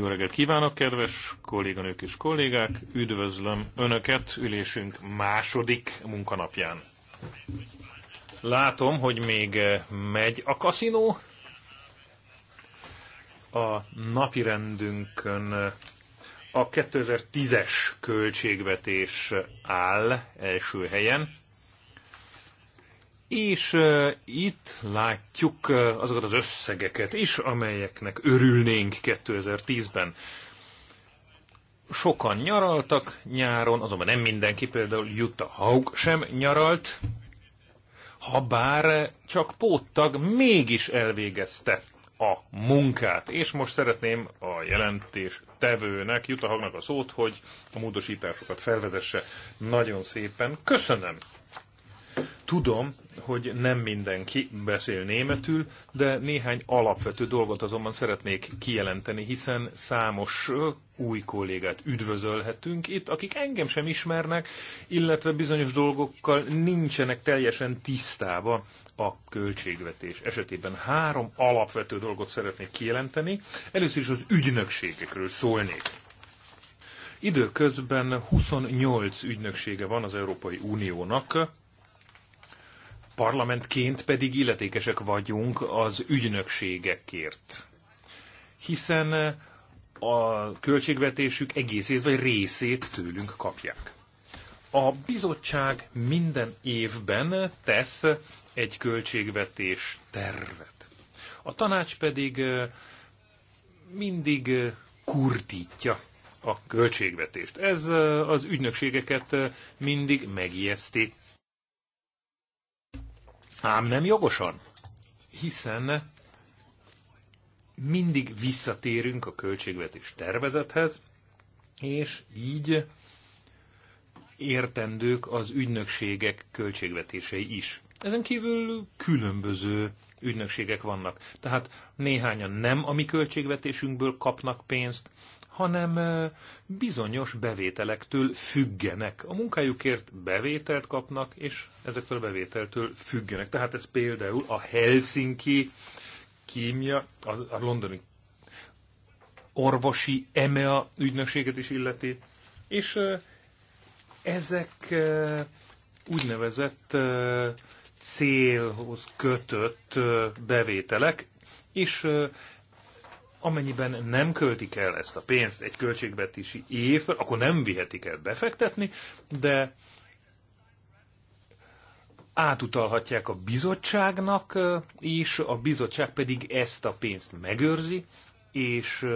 Jó reggelt kívánok, kedves kolléganők és kollégák! Üdvözlöm Önöket ülésünk második munkanapján. Látom, hogy még eh, megy a kaszinó. A napirendünkön eh, a 2010-es költségvetés áll első helyen. És uh, itt látjuk uh, azokat az összegeket is, amelyeknek örülnénk 2010-ben. Sokan nyaraltak nyáron, azonban nem mindenki, például Jutta Haug sem nyaralt, ha bár csak póttag mégis elvégezte a munkát. És most szeretném a jelentés tevőnek, Jutta Hagnak a szót, hogy a módosításokat felvezesse. Nagyon szépen köszönöm! Tudom, hogy nem mindenki beszél németül, de néhány alapvető dolgot azonban szeretnék kijelenteni, hiszen számos új kollégát üdvözölhetünk itt, akik engem sem ismernek, illetve bizonyos dolgokkal nincsenek teljesen tisztába a költségvetés esetében. Három alapvető dolgot szeretnék kijelenteni. Először is az ügynökségekről szólnék. Időközben 28 ügynöksége van az Európai Uniónak, parlamentként pedig illetékesek vagyunk az ügynökségekért. Hiszen a költségvetésük egészét vagy részét tőlünk kapják. A bizottság minden évben tesz egy költségvetés tervet. A tanács pedig mindig kurtítja a költségvetést. Ez az ügynökségeket mindig megijeszti, Ám nem jogosan, hiszen mindig visszatérünk a költségvetés tervezethez, és így értendők az ügynökségek költségvetései is. Ezen kívül különböző ügynökségek vannak. Tehát néhányan nem a mi költségvetésünkből kapnak pénzt, hanem bizonyos bevételektől függenek. A munkájukért bevételt kapnak, és ezektől a bevételtől függenek. Tehát ez például a Helsinki kémia, a, a londoni orvosi EMEA ügynökséget is illeti, és ezek úgynevezett célhoz kötött bevételek, és amennyiben nem költik el ezt a pénzt egy költségvetési év, akkor nem vihetik el befektetni, de átutalhatják a bizottságnak, és a bizottság pedig ezt a pénzt megőrzi, és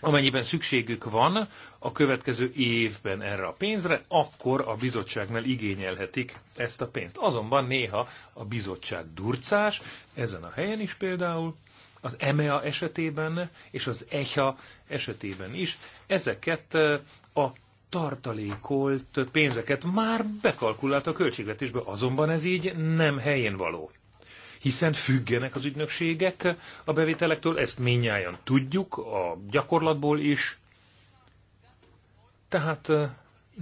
amennyiben szükségük van a következő évben erre a pénzre, akkor a bizottságnál igényelhetik ezt a pénzt. Azonban néha a bizottság durcás, ezen a helyen is például, az EMEA esetében és az EHA esetében is ezeket eh, a tartalékolt pénzeket már bekalkulált a költségvetésbe, azonban ez így nem helyén való. Hiszen függenek az ügynökségek a bevételektől, ezt minnyáján tudjuk a gyakorlatból is. Tehát eh,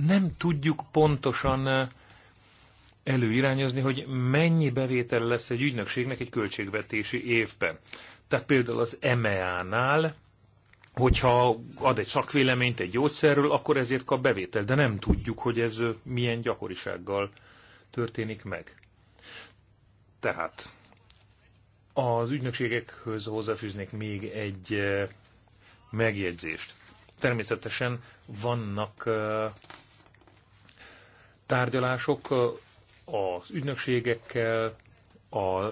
nem tudjuk pontosan eh, előirányozni, hogy mennyi bevétel lesz egy ügynökségnek egy költségvetési évben. Tehát például az EMEA-nál, hogyha ad egy szakvéleményt egy gyógyszerről, akkor ezért kap bevételt, de nem tudjuk, hogy ez milyen gyakorisággal történik meg. Tehát az ügynökségekhöz hozzáfűznék még egy eh, megjegyzést. Természetesen vannak eh, tárgyalások eh, az ügynökségekkel, a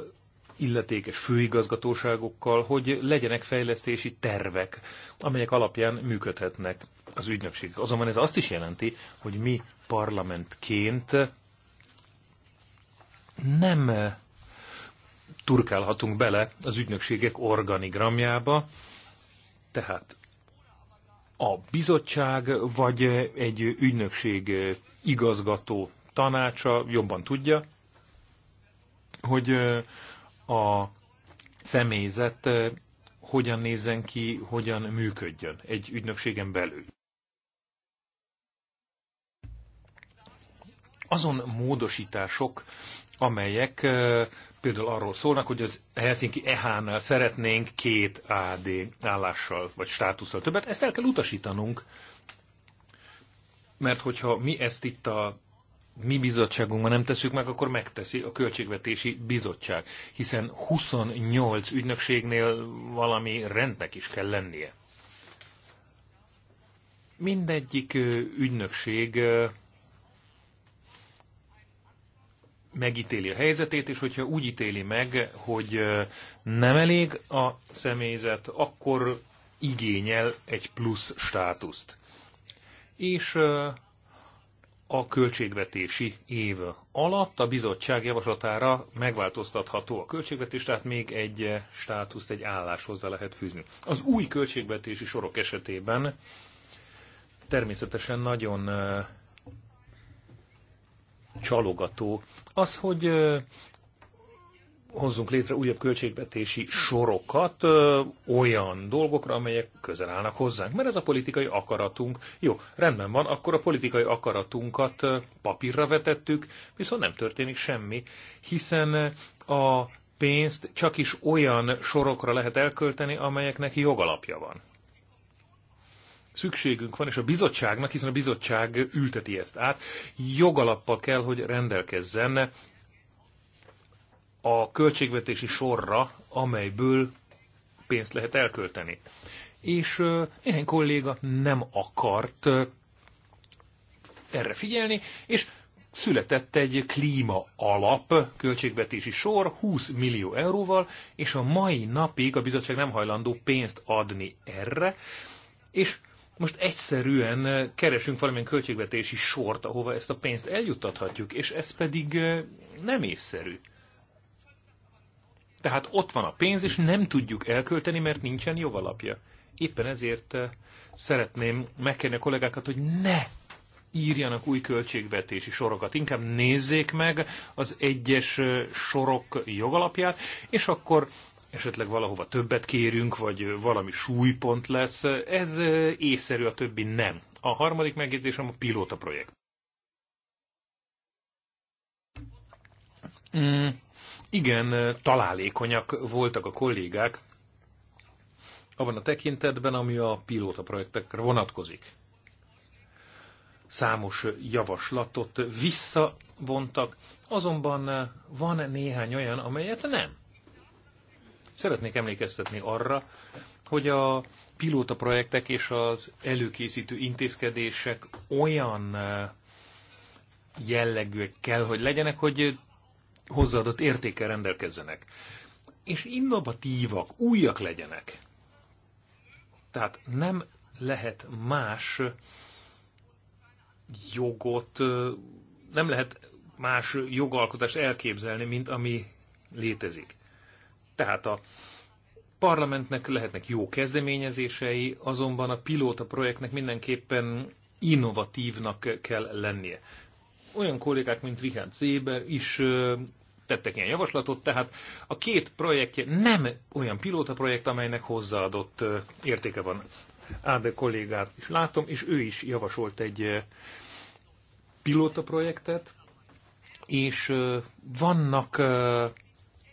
illetékes főigazgatóságokkal, hogy legyenek fejlesztési tervek, amelyek alapján működhetnek az ügynökség. Azonban ez azt is jelenti, hogy mi parlamentként nem turkálhatunk bele az ügynökségek organigramjába, tehát a bizottság vagy egy ügynökség igazgató tanácsa jobban tudja, hogy a személyzet hogyan nézzen ki, hogyan működjön egy ügynökségen belül. Azon módosítások, amelyek például arról szólnak, hogy az Helsinki EH-nál szeretnénk két AD állással vagy státusszal többet, ezt el kell utasítanunk, mert hogyha mi ezt itt a mi bizottságunkban nem teszük meg, akkor megteszi a Költségvetési Bizottság, hiszen 28 ügynökségnél valami rendnek is kell lennie. Mindegyik ügynökség megítéli a helyzetét, és hogyha úgy ítéli meg, hogy nem elég a személyzet, akkor igényel egy plusz státuszt. És a költségvetési év alatt a bizottság javaslatára megváltoztatható a költségvetés, tehát még egy státuszt, egy állás hozzá lehet fűzni. Az új költségvetési sorok esetében természetesen nagyon csalogató az, hogy hozzunk létre újabb költségvetési sorokat ö, olyan dolgokra, amelyek közel állnak hozzánk, mert ez a politikai akaratunk. Jó, rendben van, akkor a politikai akaratunkat ö, papírra vetettük, viszont nem történik semmi, hiszen a pénzt csak is olyan sorokra lehet elkölteni, amelyeknek jogalapja van. Szükségünk van, és a bizottságnak, hiszen a bizottság ülteti ezt át, jogalappal kell, hogy rendelkezzen a költségvetési sorra, amelyből pénzt lehet elkölteni. És néhány kolléga nem akart erre figyelni, és született egy klíma alap költségvetési sor 20 millió euróval, és a mai napig a bizottság nem hajlandó pénzt adni erre, és most egyszerűen keresünk valamilyen költségvetési sort, ahova ezt a pénzt eljuttathatjuk, és ez pedig nem észszerű. Tehát ott van a pénz, és nem tudjuk elkölteni, mert nincsen jogalapja. Éppen ezért eh, szeretném megkérni a kollégákat, hogy ne írjanak új költségvetési sorokat. Inkább nézzék meg az egyes eh, sorok jogalapját, és akkor esetleg valahova többet kérünk, vagy eh, valami súlypont lesz. Ez észszerű, a többi nem. A harmadik megjegyzésem a pilóta projekt. Mm igen találékonyak voltak a kollégák abban a tekintetben, ami a pilóta projektekre vonatkozik. Számos javaslatot visszavontak, azonban van néhány olyan, amelyet nem. Szeretnék emlékeztetni arra, hogy a pilóta projektek és az előkészítő intézkedések olyan jellegűek kell, hogy legyenek, hogy hozzáadott értékkel rendelkezzenek, és innovatívak, újak legyenek. Tehát nem lehet más jogot, nem lehet más jogalkotást elképzelni, mint ami létezik. Tehát a parlamentnek lehetnek jó kezdeményezései, azonban a pilóta projektnek mindenképpen innovatívnak kell lennie olyan kollégák, mint Richard Zéber is tettek ilyen javaslatot, tehát a két projektje nem olyan pilóta projekt, amelynek hozzáadott értéke van. Áde kollégát is látom, és ő is javasolt egy pilóta projektet, és vannak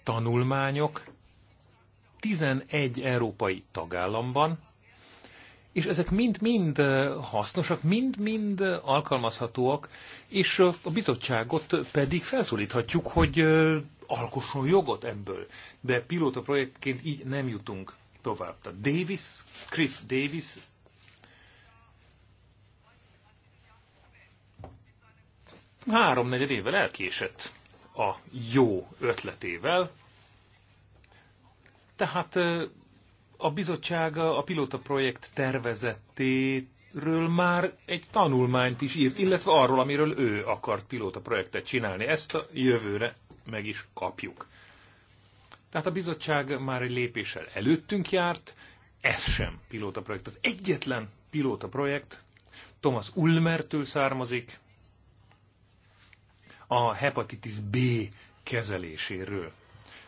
tanulmányok 11 európai tagállamban, és ezek mind-mind hasznosak, mind-mind alkalmazhatóak, és a bizottságot pedig felszólíthatjuk, hogy alkosson jogot ebből. De pilóta projektként így nem jutunk tovább. Tehát Davis, Chris Davis háromnegyed évvel elkésett a jó ötletével, tehát a bizottság a pilota projekt tervezetéről már egy tanulmányt is írt, illetve arról, amiről ő akart pilota projektet csinálni. Ezt a jövőre meg is kapjuk. Tehát a bizottság már egy lépéssel előttünk járt, ez sem pilóta projekt. Az egyetlen pilóta projekt Thomas Ulmertől származik, a hepatitis B kezeléséről.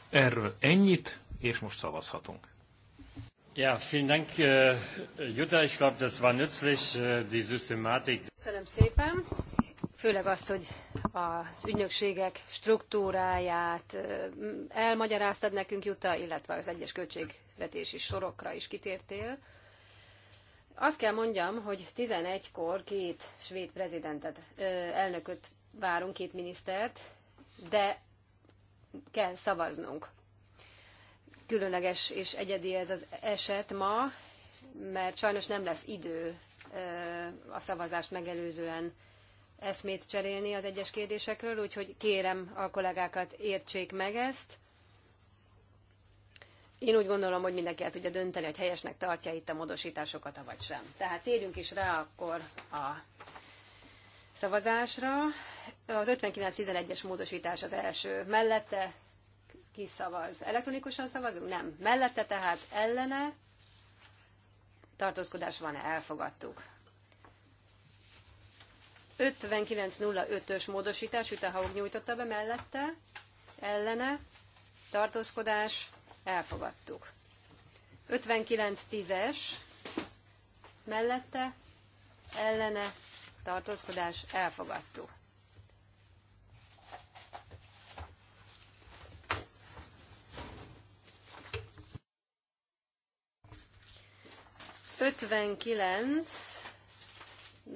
Erről ennyit, és most szavazhatunk. Ja, vielen Dank, äh, Jutta. Ich glaube, das war nützlich, äh, die Systematik. Köszönöm szépen. Főleg az, hogy az ügynökségek struktúráját elmagyaráztad nekünk, Jutta, illetve az egyes költségvetési sorokra is kitértél. Azt kell mondjam, hogy 11-kor két svéd prezidentet, elnököt várunk, két minisztert, de kell szavaznunk különleges és egyedi ez az eset ma, mert sajnos nem lesz idő a szavazást megelőzően eszmét cserélni az egyes kérdésekről, úgyhogy kérem a kollégákat értsék meg ezt. Én úgy gondolom, hogy mindenki el tudja dönteni, hogy helyesnek tartja itt a módosításokat, vagy sem. Tehát térjünk is rá akkor a szavazásra. Az 59.11-es módosítás az első mellette, ki szavaz? Elektronikusan szavazunk? Nem. Mellette tehát ellene tartózkodás van-e? Elfogadtuk. 59.05-ös módosítás, Ütehaug nyújtotta be mellette, ellene, tartózkodás, elfogadtuk. 59.10-es, mellette, ellene, tartózkodás, elfogadtuk. 59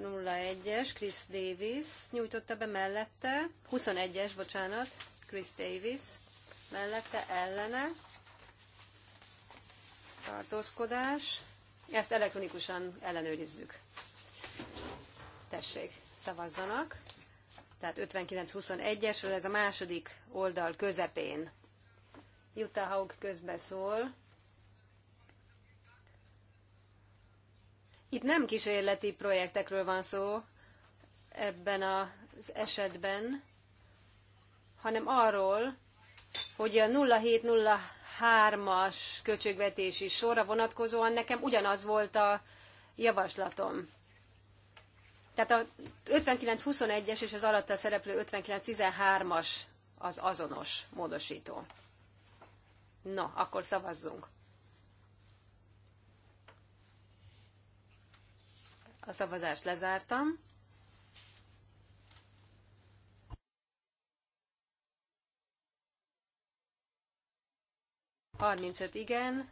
01-es Chris Davis nyújtotta be mellette, 21-es, bocsánat, Chris Davis mellette ellene tartózkodás. Ezt elektronikusan ellenőrizzük. Tessék, szavazzanak. Tehát 59-21-esről ez a második oldal közepén. Jutta Haug közbeszól. szól. Itt nem kísérleti projektekről van szó ebben az esetben, hanem arról, hogy a 0703-as költségvetési sorra vonatkozóan nekem ugyanaz volt a javaslatom. Tehát a 5921-es és az alatta szereplő 5913-as az azonos módosító. Na, akkor szavazzunk. A szavazást lezártam. Harmincöt igen,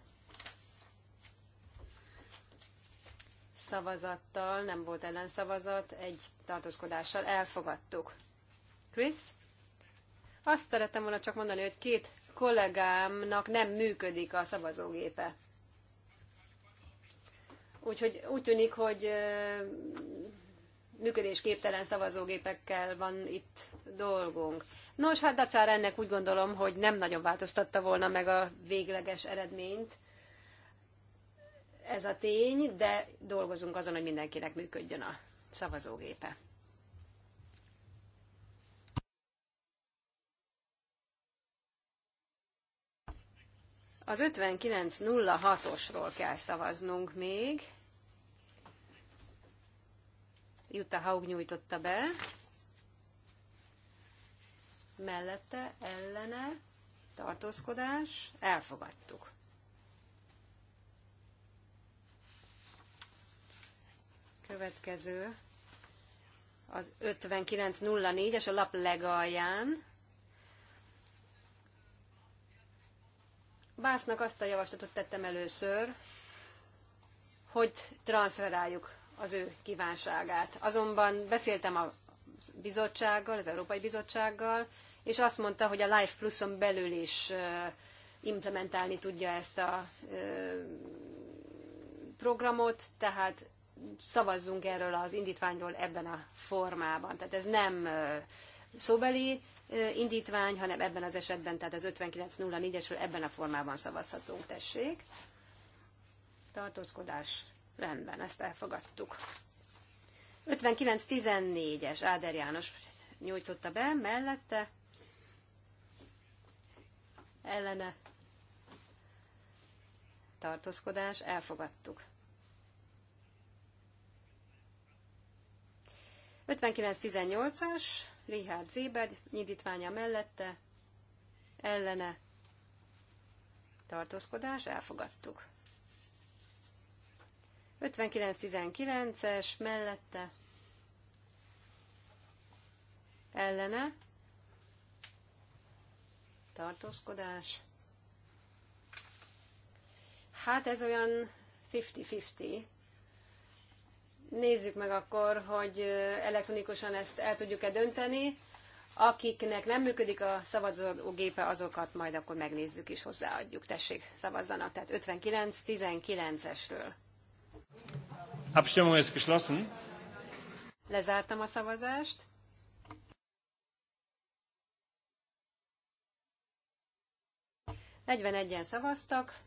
szavazattal, nem volt ellenszavazat, egy tartózkodással elfogadtuk. Chris? Azt szerettem volna csak mondani, hogy két kollégámnak nem működik a szavazógépe. Úgyhogy úgy tűnik, hogy működésképtelen szavazógépekkel van itt dolgunk. Nos, hát dacár ennek úgy gondolom, hogy nem nagyon változtatta volna meg a végleges eredményt ez a tény, de dolgozunk azon, hogy mindenkinek működjön a szavazógépe. Az 5906-osról kell szavaznunk még. Jutta Haug nyújtotta be. Mellette, ellene, tartózkodás, elfogadtuk. Következő az 5904-es a lap legalján. Básznak azt a javaslatot tettem először, hogy transferáljuk az ő kívánságát. Azonban beszéltem a bizottsággal, az Európai Bizottsággal, és azt mondta, hogy a Life Pluson belül is implementálni tudja ezt a programot, tehát szavazzunk erről az indítványról ebben a formában. Tehát ez nem szóbeli indítvány, hanem ebben az esetben, tehát az 5904-esről ebben a formában szavazhatunk, tessék. Tartózkodás rendben, ezt elfogadtuk. 5914-es Áder János nyújtotta be, mellette ellene tartózkodás, elfogadtuk. 5918-as Richard Zébed indítványa mellette, ellene, tartózkodás, elfogadtuk. 59-19-es mellette, ellene, tartózkodás. Hát ez olyan 50-50, Nézzük meg akkor, hogy elektronikusan ezt el tudjuk-e dönteni. Akiknek nem működik a szavazógépe, azokat majd akkor megnézzük és hozzáadjuk. Tessék, szavazzanak. Tehát 59-19-esről. Abstimmung ist geschlossen. Lezártam a szavazást. Negyvenegyen szavaztak,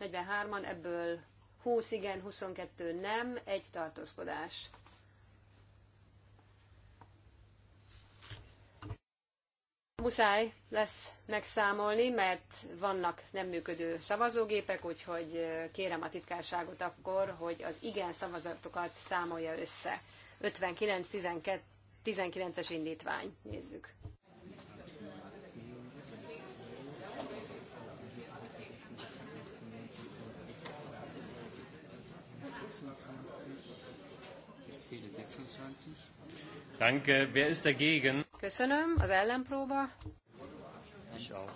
43-an, ebből 20 igen, 22 nem, egy tartózkodás. Muszáj lesz megszámolni, mert vannak nem működő szavazógépek, úgyhogy eh, kérem a titkárságot akkor, hogy az igen szavazatokat számolja össze. 59-19-es indítvány. Nézzük. Danke. Wer ist dagegen? Köszönöm. Az ellenpróba. Ich auch.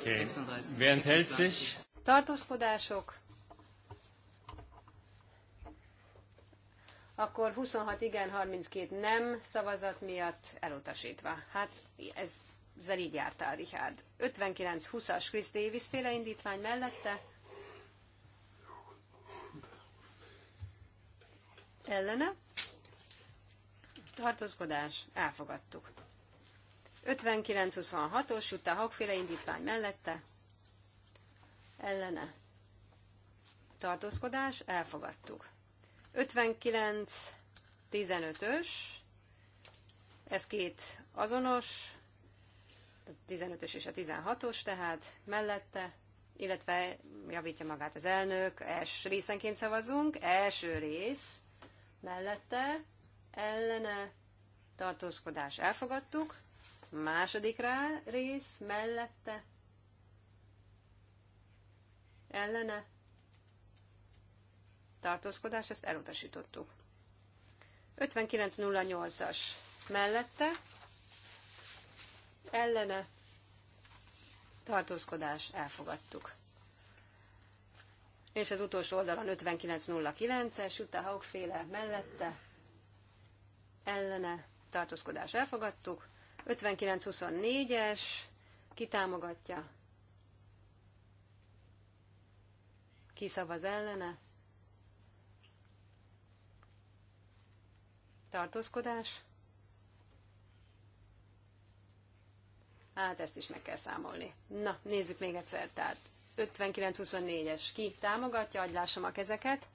Okay. Wer enthält sich? Tartózkodások. akkor 26 igen, 32 nem szavazat miatt elutasítva. Hát ez ezzel így jártál, Richard. 59-20-as Chris Davis féle indítvány mellette. Ellene. Tartózkodás. Elfogadtuk. 59-26-os Jutta féle indítvány mellette. Ellene. Tartózkodás. Elfogadtuk. 59 15-ös, ez két azonos, a 15-ös és a 16-os, tehát mellette, illetve javítja magát az elnök, S részenként szavazunk, első rész mellette, ellene, tartózkodás elfogadtuk, második rá rész mellette, ellene, tartózkodás, ezt elutasítottuk. 5908-as mellette, ellene, tartózkodás, elfogadtuk. És az utolsó oldalon 5909-es, Jutta féle mellette, ellene, tartózkodás, elfogadtuk. 5924-es, kitámogatja, kiszavaz ellene, tartózkodás. Hát ezt is meg kell számolni. Na, nézzük még egyszer. Tehát 59-24-es ki támogatja, hogy lássam a kezeket.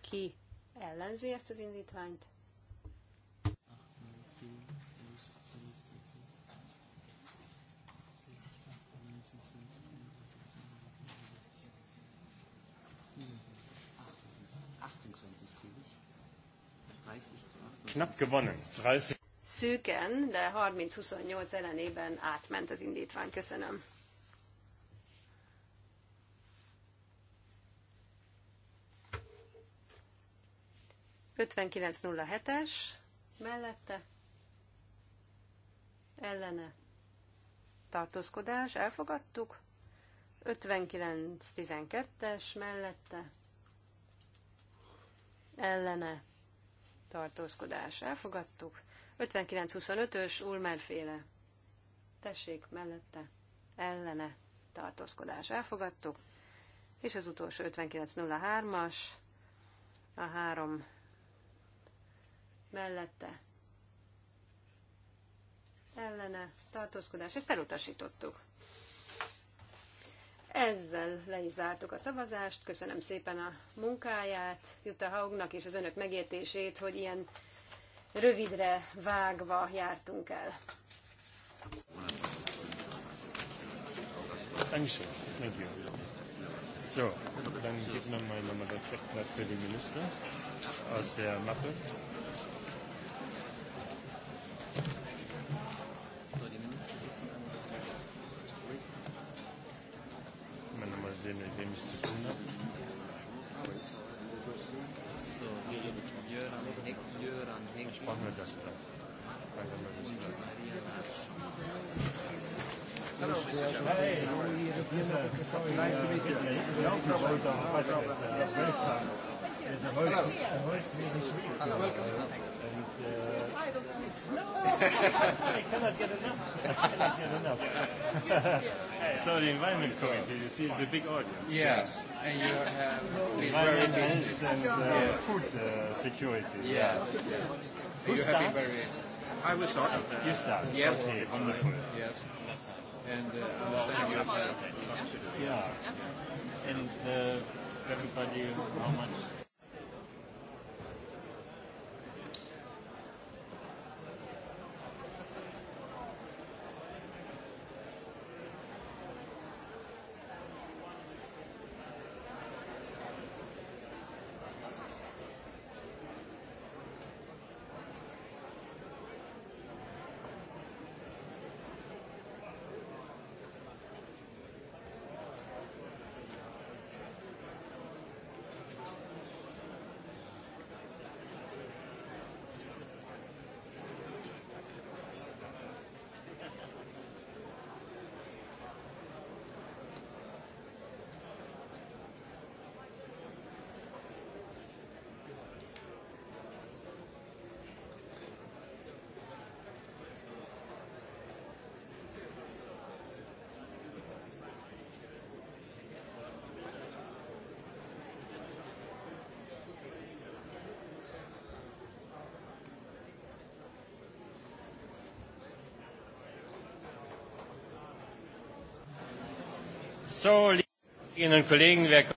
Ki ellenzi ezt az indítványt? Knapp gewonnen. 30. Szűken, de 30-28 ellenében átment az indítvány. Köszönöm. es mellette ellene tartózkodás, elfogadtuk. 59-12-es mellette ellene tartózkodás, elfogadtuk. 59-25-ös Ulmerféle. Tessék, mellette ellene tartózkodás, elfogadtuk. És az utolsó 59-03-as, a három mellette ellene tartózkodás. Ezt elutasítottuk. Ezzel le is zártuk a szavazást. Köszönöm szépen a munkáját Jutta Haugnak és az önök megértését, hogy ilyen rövidre vágva jártunk el. So, dann gibt man mal nochmal das Blatt für die Minister aus der Mappe. Sorry, nice to meet you. so the environment committee, you see, is a big audience. Yes, and you have been very busy. And uh, food uh, security. Yes, yes. yes. You have been very. I will start. You start. Yes. Wonderful. Yes and uh, understand your have uh, yeah. And uh, everybody, how much?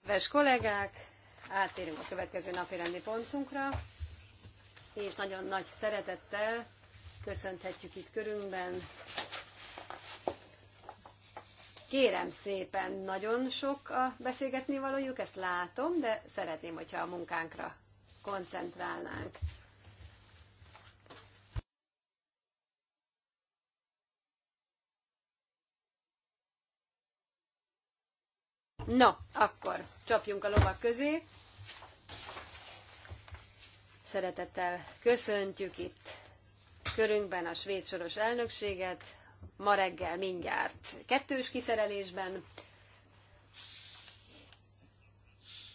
Kedves kollégák, átérünk a következő napi rendi pontunkra, és nagyon nagy szeretettel köszönthetjük itt körünkben. Kérem szépen, nagyon sok a beszélgetni valójuk, ezt látom, de szeretném, hogyha a munkánkra koncentrálnánk. Na, akkor csapjunk a lovak közé. Szeretettel köszöntjük itt körünkben a svéd soros elnökséget. Ma reggel mindjárt kettős kiszerelésben.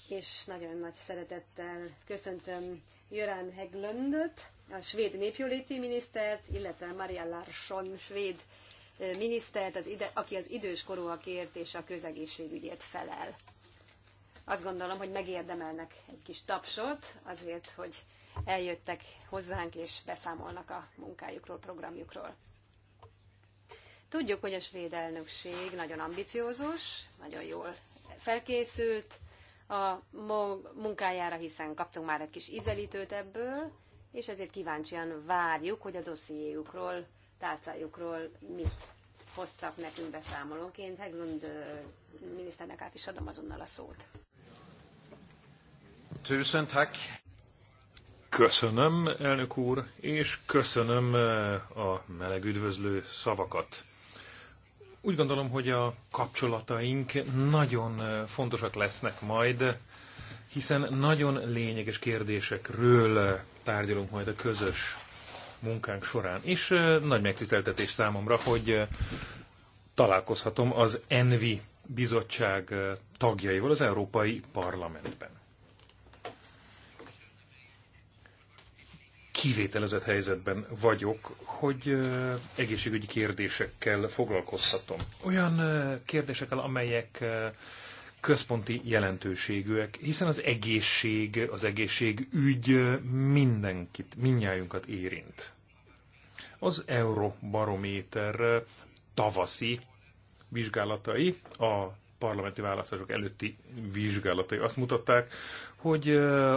És nagyon nagy szeretettel köszöntöm Jörán Heglöndöt, a svéd népjóléti minisztert, illetve Maria Larsson, svéd minisztert, az ide, aki az idős korúakért és a közegészségügyért felel. Azt gondolom, hogy megérdemelnek egy kis tapsot azért, hogy eljöttek hozzánk és beszámolnak a munkájukról, programjukról. Tudjuk, hogy a svéd elnökség nagyon ambiciózus, nagyon jól felkészült a munkájára, hiszen kaptunk már egy kis ízelítőt ebből, és ezért kíváncsian várjuk, hogy a dossziéjukról tárcájukról mit hoztak nekünk beszámolónként. Heglund miniszternek át is adom azonnal a szót. Tűzöntek. Köszönöm, elnök úr, és köszönöm a meleg üdvözlő szavakat. Úgy gondolom, hogy a kapcsolataink nagyon fontosak lesznek majd, hiszen nagyon lényeges kérdésekről tárgyalunk majd a közös munkánk során. És nagy megtiszteltetés számomra, hogy találkozhatom az ENVI bizottság tagjaival az Európai Parlamentben. Kivételezett helyzetben vagyok, hogy egészségügyi kérdésekkel foglalkozhatom. Olyan kérdésekkel, amelyek központi jelentőségűek, hiszen az egészség, az egészségügy mindenkit, minnyájunkat érint. Az Eurobarométer tavaszi vizsgálatai, a parlamenti választások előtti vizsgálatai azt mutatták, hogy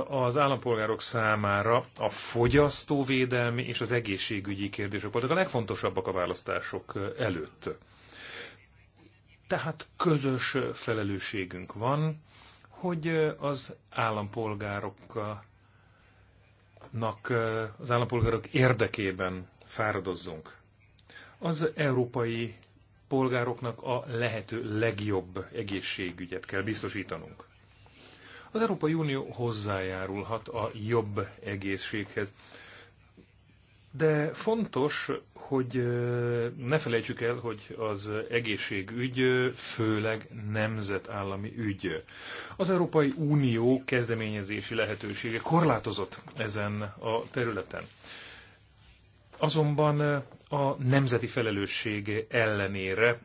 az állampolgárok számára a fogyasztóvédelmi és az egészségügyi kérdések voltak a legfontosabbak a választások előtt. Tehát közös felelősségünk van, hogy az állampolgároknak, az állampolgárok érdekében fáradozzunk. Az európai polgároknak a lehető legjobb egészségügyet kell biztosítanunk. Az Európai Unió hozzájárulhat a jobb egészséghez, de fontos, hogy ne felejtsük el, hogy az egészségügy főleg nemzetállami ügy. Az Európai Unió kezdeményezési lehetősége korlátozott ezen a területen. Azonban a nemzeti felelősség ellenére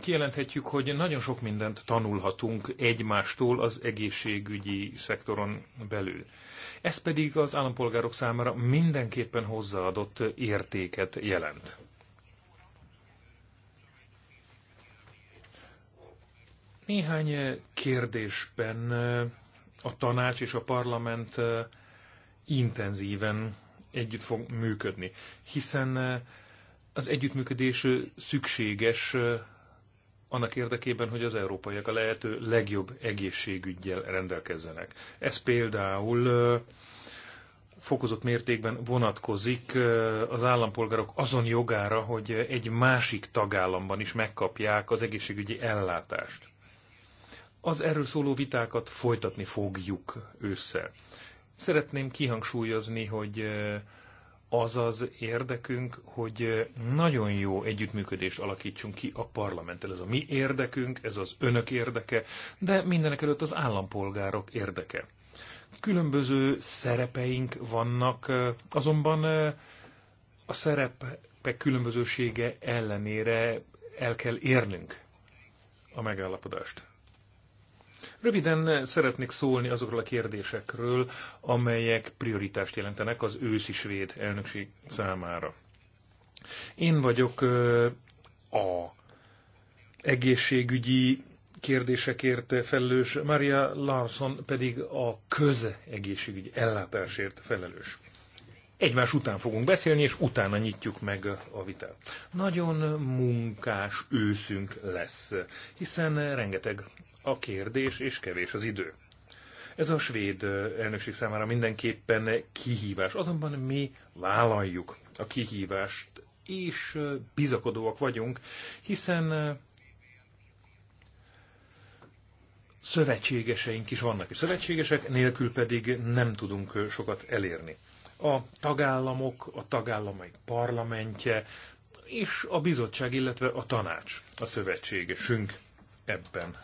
kijelenthetjük, hogy nagyon sok mindent tanulhatunk egymástól az egészségügyi szektoron belül. Ez pedig az állampolgárok számára mindenképpen hozzáadott értéket jelent. Néhány kérdésben a tanács és a parlament intenzíven együtt fog működni, hiszen az együttműködés szükséges annak érdekében, hogy az európaiak a lehető legjobb egészségügyjel rendelkezzenek. Ez például fokozott mértékben vonatkozik az állampolgárok azon jogára, hogy egy másik tagállamban is megkapják az egészségügyi ellátást. Az erről szóló vitákat folytatni fogjuk ősszel. Szeretném kihangsúlyozni, hogy az az érdekünk, hogy nagyon jó együttműködést alakítsunk ki a parlamenttel. Ez a mi érdekünk, ez az önök érdeke, de mindenek előtt az állampolgárok érdeke. Különböző szerepeink vannak, azonban a szerepek különbözősége ellenére el kell érnünk a megállapodást. Röviden szeretnék szólni azokról a kérdésekről, amelyek prioritást jelentenek az őszi svéd elnökség számára. Én vagyok a egészségügyi kérdésekért felelős, Maria Larson pedig a közegészségügyi ellátásért felelős. Egymás után fogunk beszélni, és utána nyitjuk meg a vitát. Nagyon munkás őszünk lesz, hiszen rengeteg a kérdés, és kevés az idő. Ez a svéd elnökség számára mindenképpen kihívás, azonban mi vállaljuk a kihívást, és bizakodóak vagyunk, hiszen szövetségeseink is vannak, és szövetségesek nélkül pedig nem tudunk sokat elérni. A tagállamok, a tagállamai parlamentje, és a bizottság, illetve a tanács a szövetségesünk ebben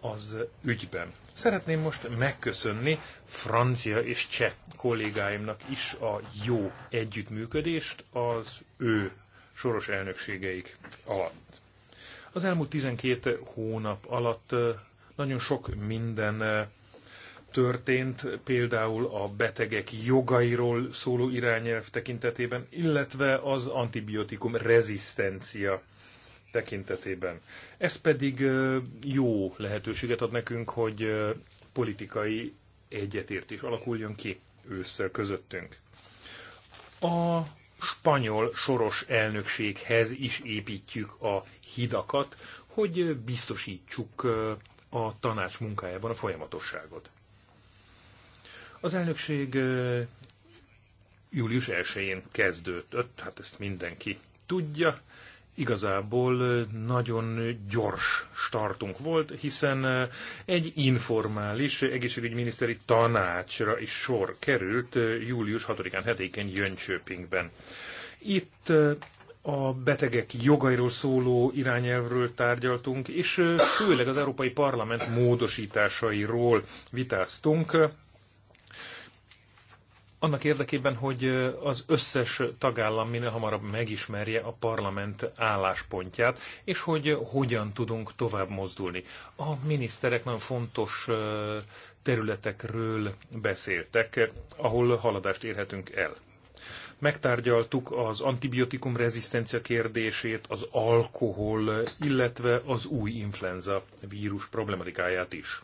az ügyben. Szeretném most megköszönni francia és cseh kollégáimnak is a jó együttműködést az ő soros elnökségeik alatt. Az elmúlt 12 hónap alatt nagyon sok minden történt, például a betegek jogairól szóló irányelv tekintetében, illetve az antibiotikum rezisztencia tekintetében. Ez pedig jó lehetőséget ad nekünk, hogy politikai egyetértés alakuljon ki ősszel közöttünk. A spanyol soros elnökséghez is építjük a hidakat, hogy biztosítsuk a tanács munkájában a folyamatosságot. Az elnökség július 1-én kezdődött, hát ezt mindenki tudja, igazából nagyon gyors startunk volt, hiszen egy informális egészségügyminiszteri tanácsra is sor került július 6-án hetében Jöncsöpingben. Itt a betegek jogairól szóló irányelvről tárgyaltunk, és főleg az Európai Parlament módosításairól vitáztunk annak érdekében, hogy az összes tagállam minél hamarabb megismerje a parlament álláspontját, és hogy hogyan tudunk tovább mozdulni. A miniszterek nagyon fontos területekről beszéltek, ahol haladást érhetünk el. Megtárgyaltuk az antibiotikum rezisztencia kérdését, az alkohol, illetve az új influenza vírus problematikáját is.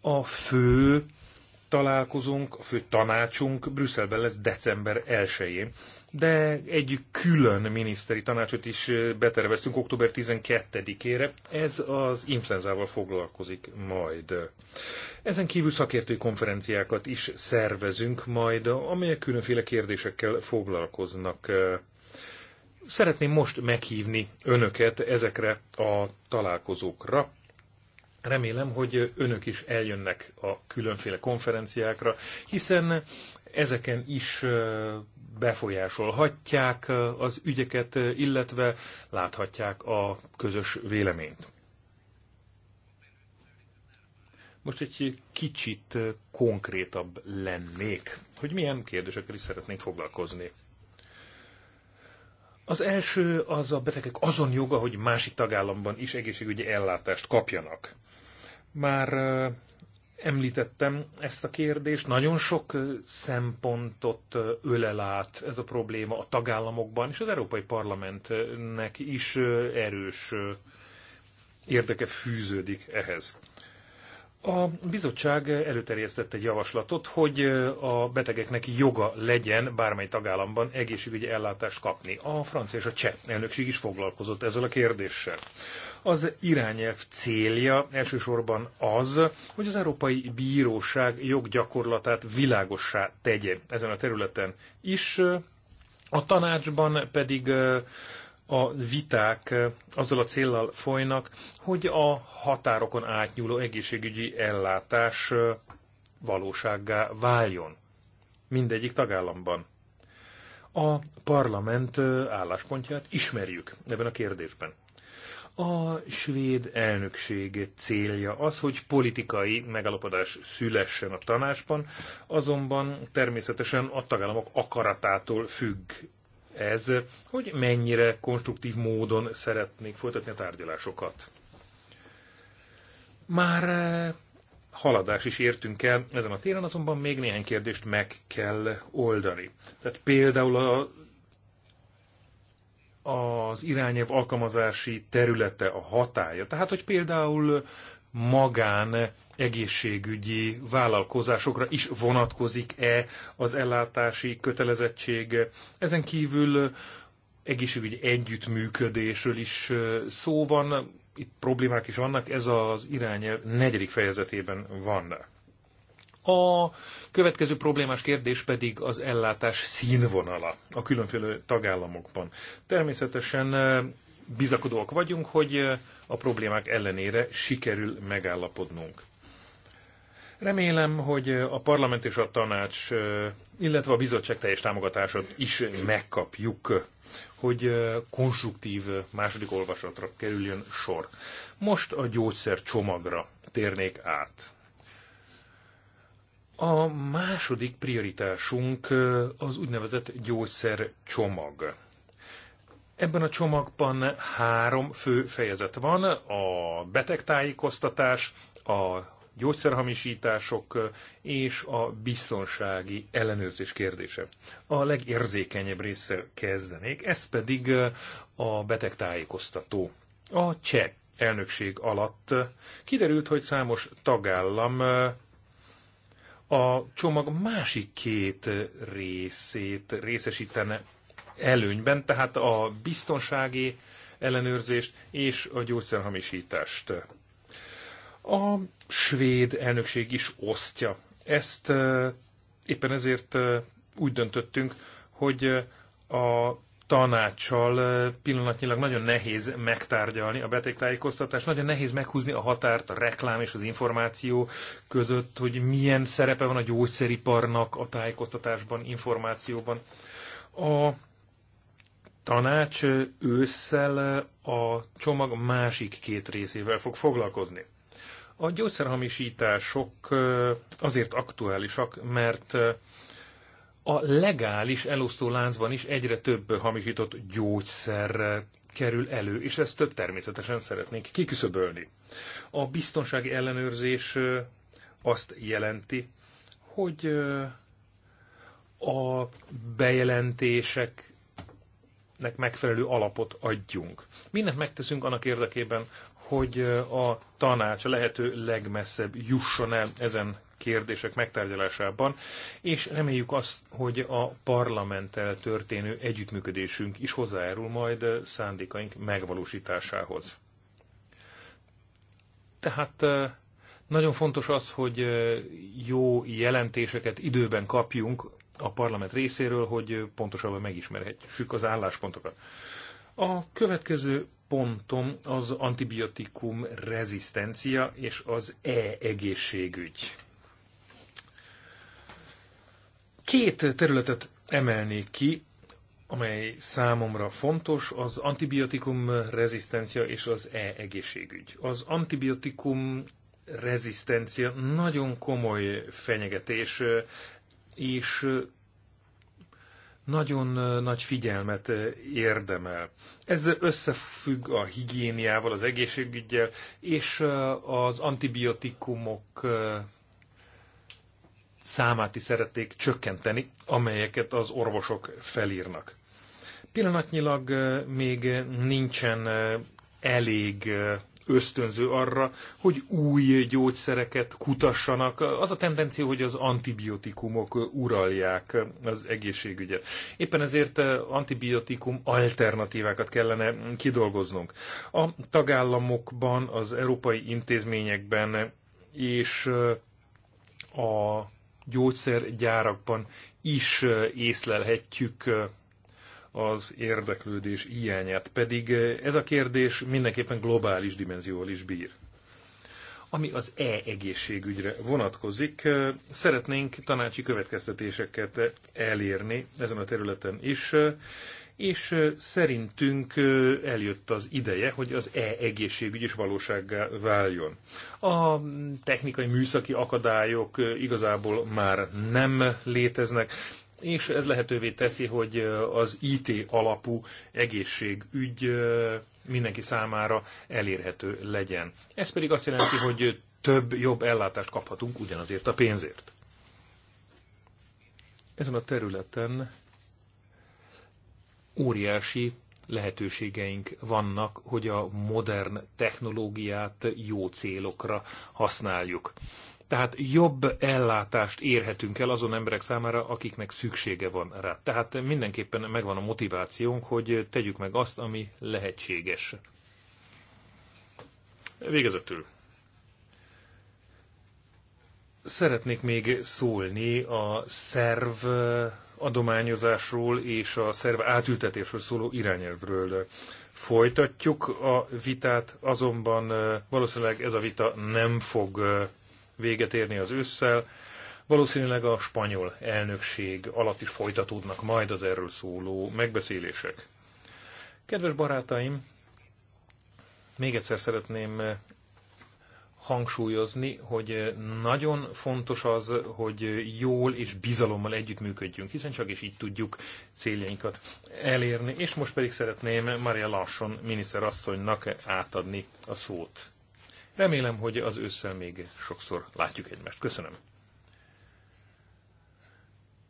A fő találkozunk, a fő tanácsunk Brüsszelben lesz december 1-én, de egy külön miniszteri tanácsot is beterveztünk október 12-ére. Ez az influenzával foglalkozik majd. Ezen kívül szakértői konferenciákat is szervezünk majd, amelyek különféle kérdésekkel foglalkoznak. Szeretném most meghívni önöket ezekre a találkozókra Remélem, hogy önök is eljönnek a különféle konferenciákra, hiszen ezeken is befolyásolhatják az ügyeket, illetve láthatják a közös véleményt. Most egy kicsit konkrétabb lennék, hogy milyen kérdésekkel is szeretnénk foglalkozni. Az első az a betegek azon joga, hogy másik tagállamban is egészségügyi ellátást kapjanak. Már említettem ezt a kérdést, nagyon sok szempontot ölel át ez a probléma a tagállamokban, és az Európai Parlamentnek is erős érdeke fűződik ehhez. A bizottság előterjesztett egy javaslatot, hogy a betegeknek joga legyen bármely tagállamban egészségügyi ellátást kapni. A francia és a cseh elnökség is foglalkozott ezzel a kérdéssel. Az irányelv célja elsősorban az, hogy az Európai Bíróság joggyakorlatát világossá tegye ezen a területen is, a tanácsban pedig a viták azzal a céllal folynak, hogy a határokon átnyúló egészségügyi ellátás valósággá váljon mindegyik tagállamban. A parlament álláspontját ismerjük ebben a kérdésben. A svéd elnökség célja az, hogy politikai megalapodás szülessen a tanácsban, azonban természetesen a tagállamok akaratától függ ez, hogy mennyire konstruktív módon szeretnék folytatni a tárgyalásokat. Már eh, haladás is értünk el ezen a téren, azonban még néhány kérdést meg kell oldani. Tehát például a az irányelv alkalmazási területe, a hatája. Tehát, hogy például magán egészségügyi vállalkozásokra is vonatkozik-e az ellátási kötelezettség. Ezen kívül egészségügyi együttműködésről is szó van, itt problémák is vannak, ez az irányelv negyedik fejezetében van. A következő problémás kérdés pedig az ellátás színvonala a különféle tagállamokban. Természetesen bizakodóak vagyunk, hogy a problémák ellenére sikerül megállapodnunk. Remélem, hogy a parlament és a tanács, illetve a bizottság teljes támogatását is megkapjuk, hogy konstruktív második olvasatra kerüljön sor. Most a gyógyszer csomagra térnék át. A második prioritásunk az úgynevezett gyógyszercsomag. Ebben a csomagban három fő fejezet van, a betegtájékoztatás, a gyógyszerhamisítások és a biztonsági ellenőrzés kérdése. A legérzékenyebb része kezdenék, ez pedig a betegtájékoztató. A cseh elnökség alatt kiderült, hogy számos tagállam a csomag másik két részét részesítene előnyben, tehát a biztonsági ellenőrzést és a gyógyszerhamisítást. A svéd elnökség is osztja. Ezt éppen ezért úgy döntöttünk, hogy a tanácssal pillanatnyilag nagyon nehéz megtárgyalni a betegtájékoztatást, nagyon nehéz meghúzni a határt a reklám és az információ között, hogy milyen szerepe van a gyógyszeriparnak a tájékoztatásban, információban. A tanács ősszel a csomag másik két részével fog foglalkozni. A gyógyszerhamisítások azért aktuálisak, mert a legális elosztó láncban is egyre több hamisított gyógyszer kerül elő, és ezt több természetesen szeretnénk kiküszöbölni. A biztonsági ellenőrzés azt jelenti, hogy a bejelentéseknek megfelelő alapot adjunk. Mindent megteszünk annak érdekében, hogy a tanács lehető legmesszebb jusson el ezen kérdések megtárgyalásában, és reméljük azt, hogy a parlamenttel történő együttműködésünk is hozzájárul majd szándékaink megvalósításához. Tehát nagyon fontos az, hogy jó jelentéseket időben kapjunk a parlament részéről, hogy pontosabban megismerhetjük az álláspontokat. A következő pontom az antibiotikum rezisztencia és az e-egészségügy. Két területet emelnék ki, amely számomra fontos, az antibiotikum rezisztencia és az e-egészségügy. Az antibiotikum rezisztencia nagyon komoly fenyegetés, és nagyon nagy figyelmet érdemel. Ez összefügg a higiéniával, az egészségügyel, és az antibiotikumok számát is szerették csökkenteni, amelyeket az orvosok felírnak. Pillanatnyilag még nincsen elég ösztönző arra, hogy új gyógyszereket kutassanak. Az a tendencia, hogy az antibiotikumok uralják az egészségügyet. Éppen ezért antibiotikum alternatívákat kellene kidolgoznunk. A tagállamokban, az európai intézményekben és a gyógyszergyárakban is észlelhetjük az érdeklődés hiányát. Pedig ez a kérdés mindenképpen globális dimenzióval is bír. Ami az e-egészségügyre vonatkozik, szeretnénk tanácsi következtetéseket elérni ezen a területen is, és szerintünk eljött az ideje, hogy az e-egészségügy is valósággá váljon. A technikai műszaki akadályok igazából már nem léteznek, és ez lehetővé teszi, hogy az IT alapú egészségügy mindenki számára elérhető legyen. Ez pedig azt jelenti, hogy több jobb ellátást kaphatunk ugyanazért a pénzért. Ezen a területen óriási lehetőségeink vannak, hogy a modern technológiát jó célokra használjuk. Tehát jobb ellátást érhetünk el azon emberek számára, akiknek szüksége van rá. Tehát mindenképpen megvan a motivációnk, hogy tegyük meg azt, ami lehetséges. Végezetül. Szeretnék még szólni a szerv adományozásról és a szerv átültetésről szóló irányelvről folytatjuk a vitát, azonban valószínűleg ez a vita nem fog véget érni az ősszel. Valószínűleg a spanyol elnökség alatt is folytatódnak majd az erről szóló megbeszélések. Kedves barátaim, még egyszer szeretném hangsúlyozni, hogy nagyon fontos az, hogy jól és bizalommal együttműködjünk, hiszen csak is így tudjuk céljainkat elérni. És most pedig szeretném Maria Larson miniszterasszonynak átadni a szót. Remélem, hogy az ősszel még sokszor látjuk egymást. Köszönöm.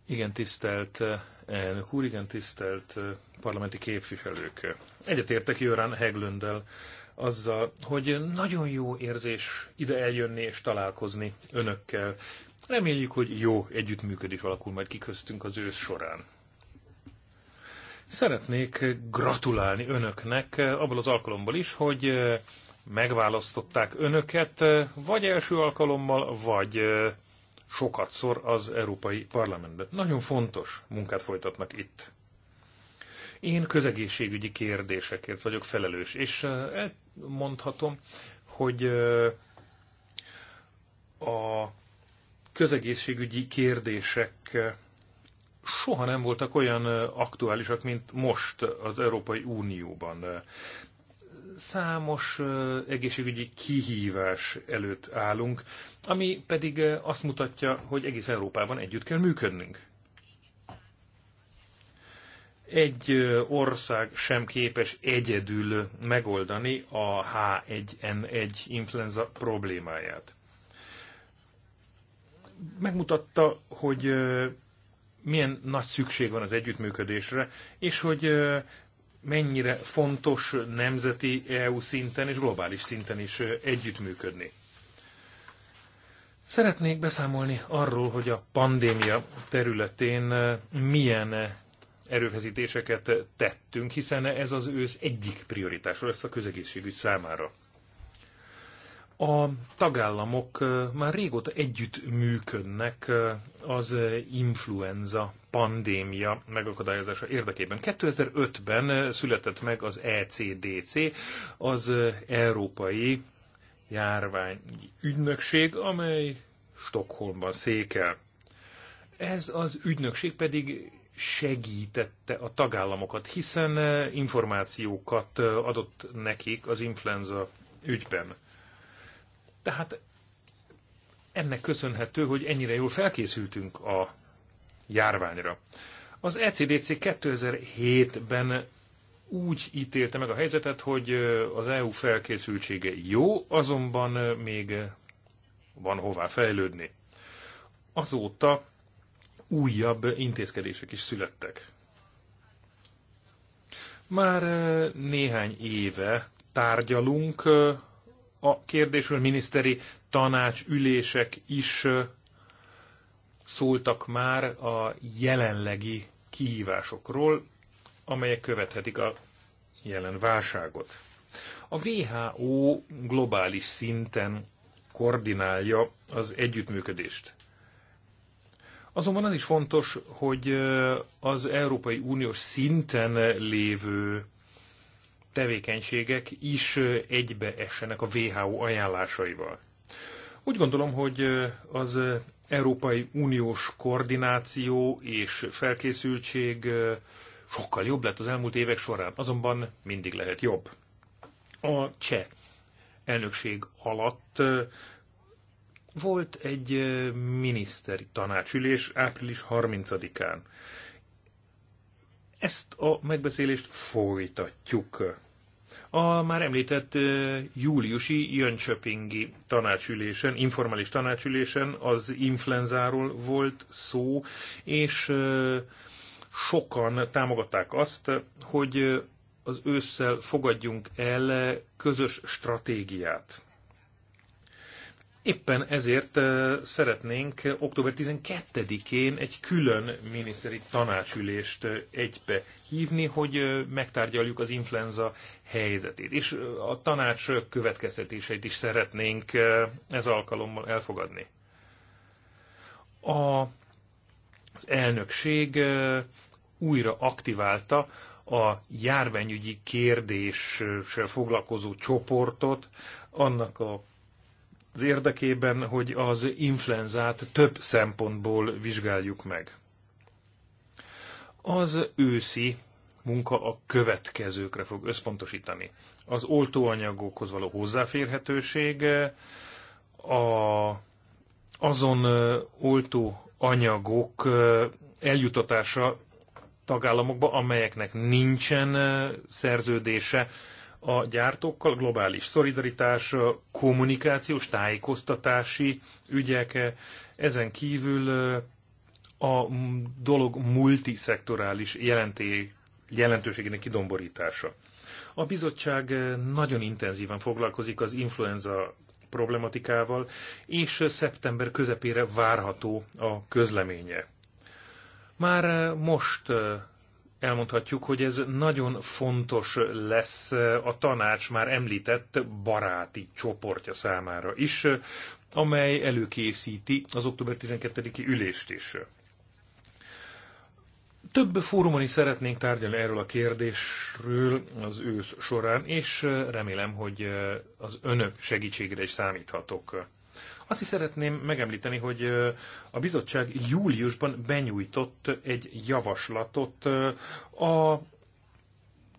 Igen, tisztelt eh, elnök úr, igen, tisztelt eh, parlamenti képviselők. Egyetértek Jörán Heglöndel azzal, hogy nagyon jó érzés ide eljönni és találkozni önökkel. Reméljük, hogy jó együttműködés alakul majd kiköztünk az ősz során. Szeretnék gratulálni önöknek abból az alkalomból is, hogy megválasztották önöket, vagy első alkalommal, vagy sokatszor az Európai Parlamentben. Nagyon fontos munkát folytatnak itt. Én közegészségügyi kérdésekért vagyok felelős, és mondhatom, hogy a közegészségügyi kérdések soha nem voltak olyan aktuálisak, mint most az Európai Unióban. Számos egészségügyi kihívás előtt állunk, ami pedig azt mutatja, hogy egész Európában együtt kell működnünk egy ország sem képes egyedül megoldani a H1N1 influenza problémáját. Megmutatta, hogy milyen nagy szükség van az együttműködésre, és hogy mennyire fontos nemzeti EU szinten és globális szinten is együttműködni. Szeretnék beszámolni arról, hogy a pandémia területén milyen erőfeszítéseket tettünk, hiszen ez az ősz egyik prioritásról lesz a közegészségügy számára. A tagállamok már régóta együtt működnek az influenza pandémia megakadályozása érdekében. 2005-ben született meg az ECDC, az Európai Járványi Ügynökség, amely Stockholmban székel. Ez az ügynökség pedig segítette a tagállamokat, hiszen eh, információkat eh, adott nekik az influenza ügyben. Tehát ennek köszönhető, hogy ennyire jól felkészültünk a járványra. Az ECDC 2007-ben úgy ítélte meg a helyzetet, hogy eh, az EU felkészültsége jó, azonban még van hová fejlődni. Azóta újabb intézkedések is születtek. Már néhány éve tárgyalunk a kérdésről, miniszteri tanács ülések is szóltak már a jelenlegi kihívásokról, amelyek követhetik a jelen válságot. A WHO globális szinten koordinálja az együttműködést. Azonban az is fontos, hogy az Európai Uniós szinten lévő tevékenységek is egybeessenek a WHO ajánlásaival. Úgy gondolom, hogy az Európai Uniós koordináció és felkészültség sokkal jobb lett az elmúlt évek során, azonban mindig lehet jobb. A cseh elnökség alatt volt egy miniszteri tanácsülés április 30-án. Ezt a megbeszélést folytatjuk. A már említett júliusi Jönköpingi tanácsülésen, informális tanácsülésen az influenzáról volt szó, és sokan támogatták azt, hogy az ősszel fogadjunk el közös stratégiát Éppen ezért szeretnénk október 12-én egy külön miniszteri tanácsülést egybe hívni, hogy megtárgyaljuk az influenza helyzetét. És a tanács következtetéseit is szeretnénk ez alkalommal elfogadni. A az elnökség újra aktiválta a járványügyi kérdéssel foglalkozó csoportot, annak a az érdekében, hogy az influenzát több szempontból vizsgáljuk meg. Az őszi munka a következőkre fog összpontosítani. Az oltóanyagokhoz való hozzáférhetőség, a, azon oltóanyagok eljutatása tagállamokba, amelyeknek nincsen szerződése a gyártókkal, globális szolidaritás, kommunikációs, tájékoztatási ügyek, ezen kívül a dolog multiszektorális jelenté, jelentőségének kidomborítása. A bizottság nagyon intenzíven foglalkozik az influenza problematikával, és szeptember közepére várható a közleménye. Már most elmondhatjuk, hogy ez nagyon fontos lesz eh, a tanács már említett baráti csoportja számára is, eh, amely előkészíti az október 12-i ülést is. Több fórumon is szeretnénk tárgyalni erről a kérdésről az ősz során, és eh, remélem, hogy az önök segítségére is számíthatok. Azt is szeretném megemlíteni, hogy a bizottság júliusban benyújtott egy javaslatot a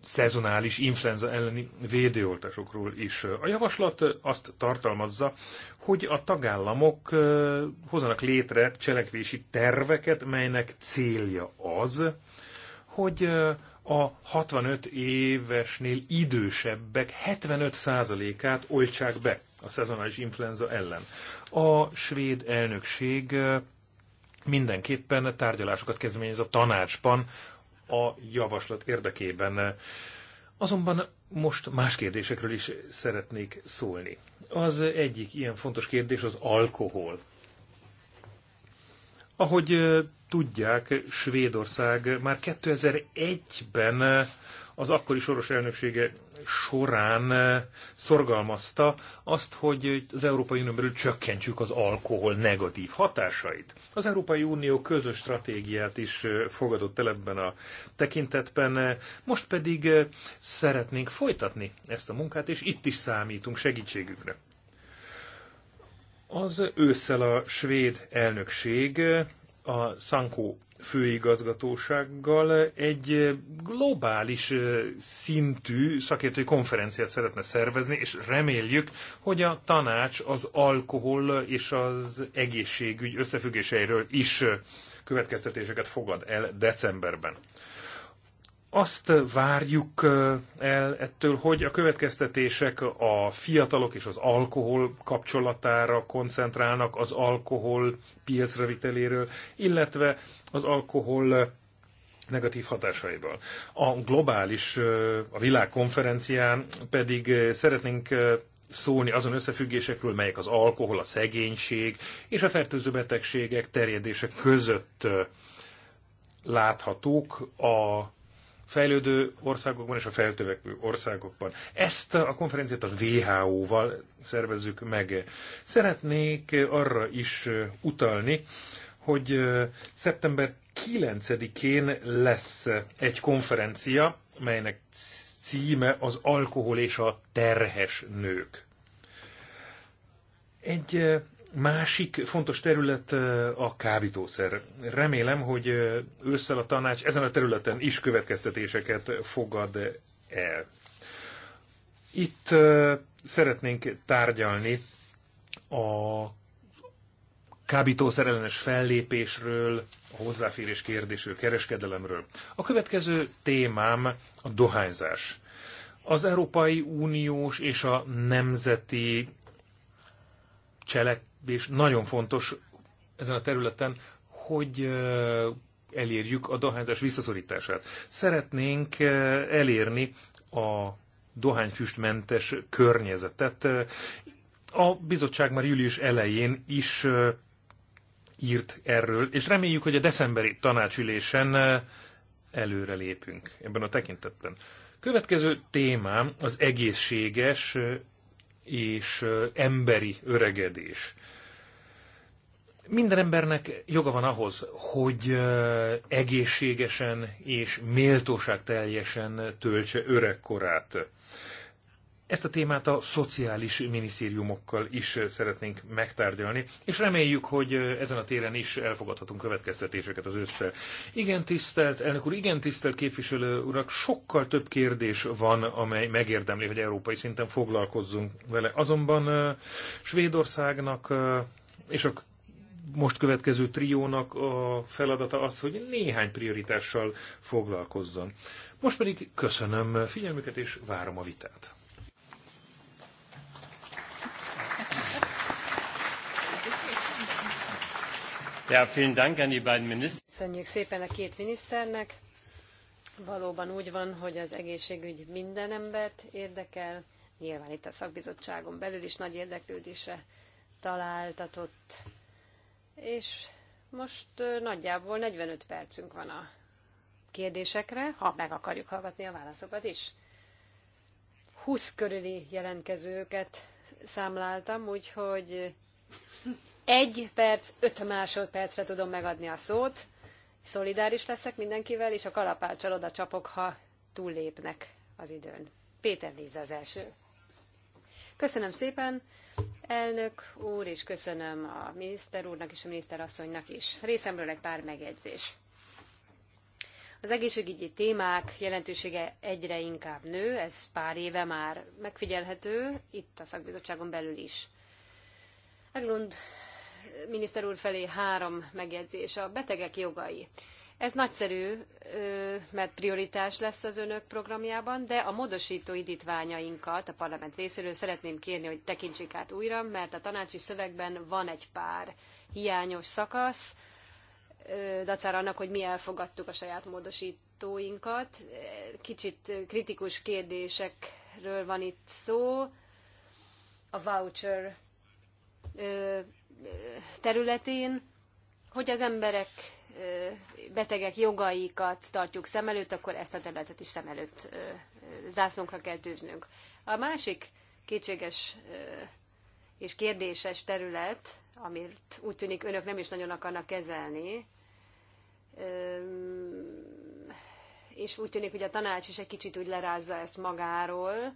szezonális influenza elleni védőoltásokról is. A javaslat azt tartalmazza, hogy a tagállamok hozanak létre cselekvési terveket, melynek célja az, hogy a 65 évesnél idősebbek 75%-át oltsák be a szezonális influenza ellen. A svéd elnökség mindenképpen tárgyalásokat kezdeményez a tanácsban a javaslat érdekében. Azonban most más kérdésekről is szeretnék szólni. Az egyik ilyen fontos kérdés az alkohol. Ahogy tudják, Svédország már 2001-ben az akkori soros elnöksége során eh, szorgalmazta azt, hogy az Európai Unió belül csökkentsük az alkohol negatív hatásait. Az Európai Unió közös stratégiát is eh, fogadott el ebben a tekintetben, eh, most pedig szeretnénk folytatni ezt a munkát, és itt is számítunk segítségükre. Az ősszel a svéd elnökség a Sankó főigazgatósággal egy globális szintű szakértői konferenciát szeretne szervezni, és reméljük, hogy a tanács az alkohol és az egészségügy összefüggéseiről is következtetéseket fogad el decemberben azt várjuk el ettől, hogy a következtetések a fiatalok és az alkohol kapcsolatára koncentrálnak, az alkohol piacra viteléről, illetve az alkohol negatív hatásaiból. A globális, a világkonferencián pedig szeretnénk szólni azon összefüggésekről, melyek az alkohol, a szegénység és a fertőző betegségek terjedése között láthatók a fejlődő országokban és a feltövekvő országokban. Ezt a konferenciát a WHO-val szervezzük meg. Szeretnék arra is utalni, hogy szeptember 9-én lesz egy konferencia, melynek címe az alkohol és a terhes nők. Egy Másik fontos terület a kábítószer. Remélem, hogy ősszel a tanács ezen a területen is következtetéseket fogad el. Itt szeretnénk tárgyalni a kábítószer ellenes fellépésről, a hozzáférés kérdésről, kereskedelemről. A következő témám a dohányzás. Az Európai Uniós és a nemzeti cselek és nagyon fontos ezen a területen, hogy elérjük a dohányzás visszaszorítását. Szeretnénk elérni a dohányfüstmentes környezetet. A bizottság már július elején is írt erről, és reméljük, hogy a decemberi tanácsülésen előre lépünk ebben a tekintetben. Következő témám az egészséges és emberi öregedés. Minden embernek joga van ahhoz, hogy egészségesen és méltóság teljesen töltse öregkorát. Ezt a témát a szociális minisztériumokkal is szeretnénk megtárgyalni, és reméljük, hogy ezen a téren is elfogadhatunk következtetéseket az össze. Igen, tisztelt elnök úr, igen, tisztelt képviselő urak, sokkal több kérdés van, amely megérdemli, hogy európai szinten foglalkozzunk vele. Azonban Svédországnak és a most következő triónak a feladata az, hogy néhány prioritással foglalkozzon. Most pedig köszönöm figyelmüket, és várom a vitát. Köszönjük szépen a két miniszternek. Valóban úgy van, hogy az egészségügy minden embert érdekel. Nyilván itt a szakbizottságon belül is nagy érdeklődésre találtatott. És most nagyjából 45 percünk van a kérdésekre, ha meg akarjuk hallgatni a válaszokat is. 20 körüli jelentkezőket számláltam, úgyhogy egy perc, öt másodpercre tudom megadni a szót. Szolidáris leszek mindenkivel, és a kalapáccsal oda csapok, ha túllépnek az időn. Péter Líz az első. Köszönöm szépen, elnök úr, és köszönöm a miniszter úrnak és a miniszterasszonynak is. Részemről egy pár megjegyzés. Az egészségügyi témák jelentősége egyre inkább nő, ez pár éve már megfigyelhető, itt a szakbizottságon belül is. Eglund miniszter úr felé három megjegyzés. A betegek jogai. Ez nagyszerű, mert prioritás lesz az önök programjában, de a módosító indítványainkat a parlament részéről szeretném kérni, hogy tekintsék át újra, mert a tanácsi szövegben van egy pár hiányos szakasz, dacára annak, hogy mi elfogadtuk a saját módosítóinkat. Kicsit kritikus kérdésekről van itt szó. A voucher területén, hogy az emberek, betegek jogaikat tartjuk szem előtt, akkor ezt a területet is szem előtt zászlónkra kell tűznünk. A másik kétséges és kérdéses terület, amit úgy tűnik önök nem is nagyon akarnak kezelni, és úgy tűnik, hogy a tanács is egy kicsit úgy lerázza ezt magáról,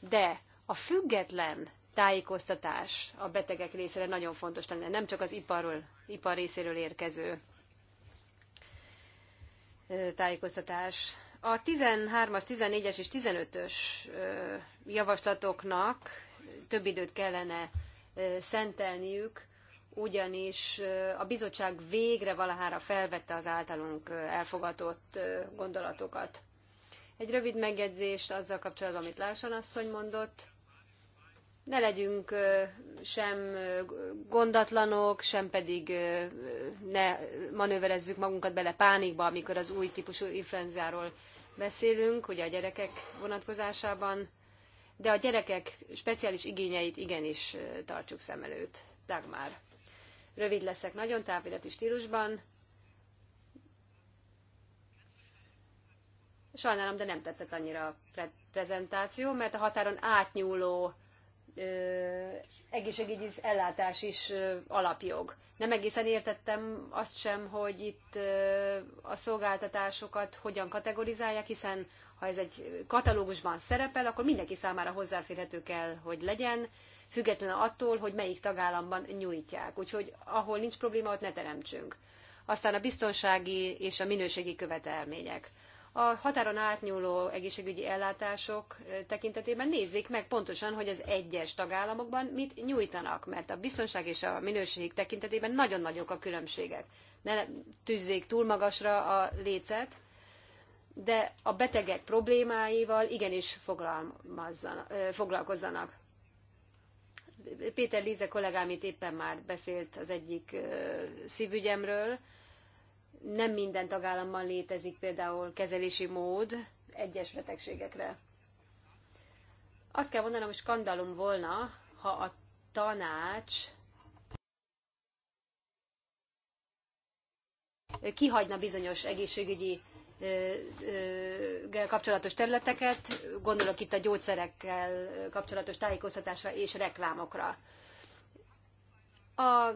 de a független tájékoztatás a betegek részére nagyon fontos lenne, nem csak az iparról, ipar részéről érkező tájékoztatás. A 13-as, 14-es és 15-ös javaslatoknak több időt kellene szentelniük, ugyanis a bizottság végre valahára felvette az általunk elfogadott gondolatokat. Egy rövid megjegyzést azzal kapcsolatban, amit Lársan asszony mondott ne legyünk sem gondatlanok, sem pedig ne manőverezzük magunkat bele pánikba, amikor az új típusú influenzáról beszélünk, ugye a gyerekek vonatkozásában, de a gyerekek speciális igényeit igenis tartsuk szem előtt. Dagmar. Rövid leszek nagyon távirati stílusban. Sajnálom, de nem tetszett annyira a prezentáció, mert a határon átnyúló egészségügyi ellátás is alapjog. Nem egészen értettem azt sem, hogy itt a szolgáltatásokat hogyan kategorizálják, hiszen ha ez egy katalógusban szerepel, akkor mindenki számára hozzáférhető kell, hogy legyen, függetlenül attól, hogy melyik tagállamban nyújtják. Úgyhogy ahol nincs probléma, ott ne teremtsünk. Aztán a biztonsági és a minőségi követelmények a határon átnyúló egészségügyi ellátások eh, tekintetében nézzék meg pontosan, hogy az egyes tagállamokban mit nyújtanak, mert a biztonság és a minőség tekintetében nagyon nagyok a különbségek. Ne tűzzék túl magasra a lécet, de a betegek problémáival igenis eh, foglalkozzanak. Péter Líze kollégám itt éppen már beszélt az egyik eh, szívügyemről, nem minden tagállamban létezik például kezelési mód egyes betegségekre. Azt kell mondanom, hogy skandalom volna, ha a tanács kihagyna bizonyos egészségügyi kapcsolatos területeket, gondolok itt a gyógyszerekkel kapcsolatos tájékoztatásra és reklámokra. A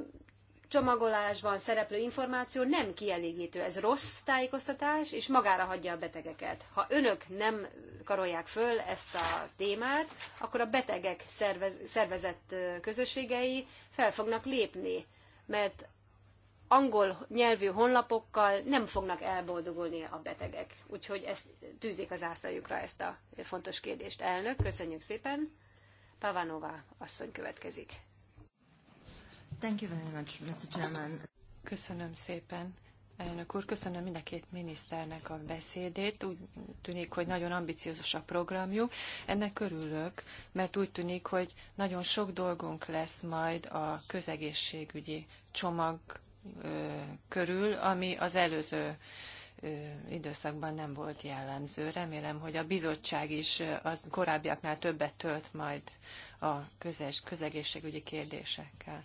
csomagolásban szereplő információ nem kielégítő. Ez rossz tájékoztatás, és magára hagyja a betegeket. Ha önök nem karolják föl ezt a témát, akkor a betegek szervez, szervezett közösségei fel fognak lépni, mert angol nyelvű honlapokkal nem fognak elboldogulni a betegek. Úgyhogy ezt tűzik az ásztaljukra ezt a fontos kérdést. Elnök, köszönjük szépen. Pavanova asszony következik. Thank you very much, Mr. Chairman. Köszönöm szépen. Elnök úr, köszönöm mind a két miniszternek a beszédét. Úgy tűnik, hogy nagyon ambiciózus a programjuk. Ennek örülök, mert úgy tűnik, hogy nagyon sok dolgunk lesz majd a közegészségügyi csomag ö, körül, ami az előző időszakban nem volt jellemző. Remélem, hogy a bizottság is az korábbiaknál többet tölt majd a közös, közegészségügyi kérdésekkel.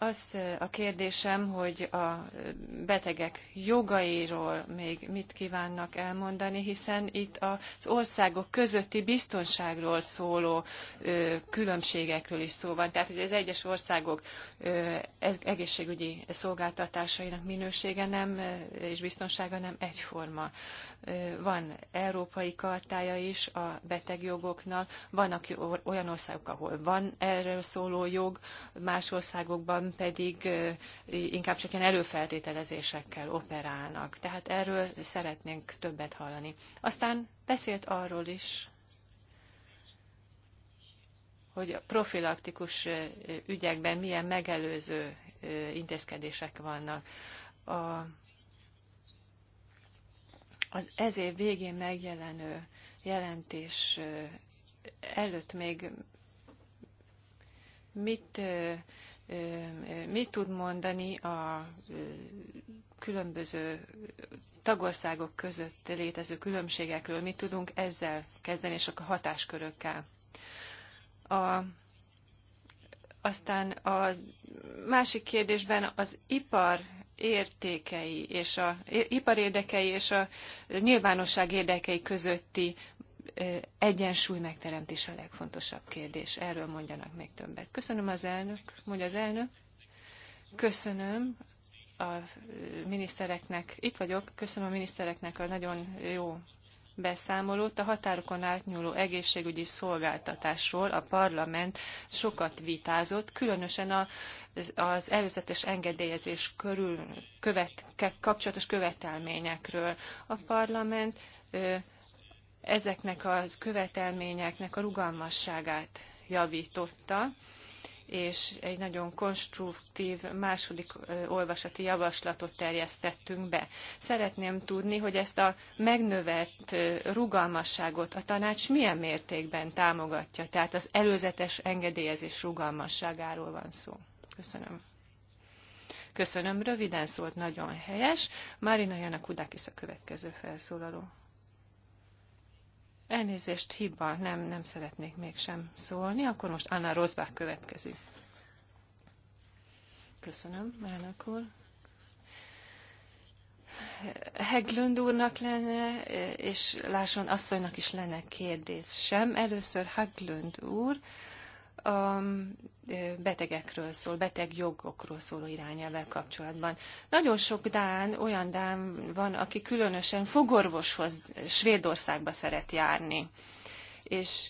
Az a kérdésem, hogy a betegek jogairól még mit kívánnak elmondani, hiszen itt az országok közötti biztonságról szóló különbségekről is szó van. Tehát, hogy az egyes országok egészségügyi szolgáltatásainak minősége nem és biztonsága nem egyforma. Van európai kartája is a betegjogoknak, vannak olyan országok, ahol van erről szóló jog, más országokban pedig inkább csak ilyen előfeltételezésekkel operálnak. Tehát erről szeretnénk többet hallani. Aztán beszélt arról is, hogy a profilaktikus ügyekben milyen megelőző intézkedések vannak. A, az ez év végén megjelenő jelentés előtt még mit mit tud mondani a különböző tagországok között létező különbségekről, mit tudunk ezzel kezdeni, és a hatáskörökkel. A, aztán a másik kérdésben az ipar értékei és a ipar érdekei és a nyilvánosság érdekei közötti egyensúly megteremtés a legfontosabb kérdés. Erről mondjanak még többet. Köszönöm az elnök, mondja az elnök. Köszönöm a minisztereknek, itt vagyok, köszönöm a minisztereknek a nagyon jó beszámolót a határokon átnyúló egészségügyi szolgáltatásról a parlament sokat vitázott, különösen a, az előzetes engedélyezés körül követ, kapcsolatos követelményekről. A parlament ö, ezeknek a követelményeknek a rugalmasságát javította, és egy nagyon konstruktív második olvasati javaslatot terjesztettünk be. Szeretném tudni, hogy ezt a megnövelt rugalmasságot a tanács milyen mértékben támogatja, tehát az előzetes engedélyezés rugalmasságáról van szó. Köszönöm. Köszönöm, röviden szólt, nagyon helyes. Marina Janakudakis a következő felszólaló. Elnézést, hiba, nem, nem szeretnék mégsem szólni. Akkor most Anna Rosbach következik. Köszönöm, elnök úr. Heglund úrnak lenne, és Lásson asszonynak is lenne kérdés sem. Először Heglund úr, a betegekről szól, beteg jogokról szóló irányelvvel kapcsolatban. Nagyon sok Dán, olyan Dán van, aki különösen fogorvoshoz Svédországba szeret járni. És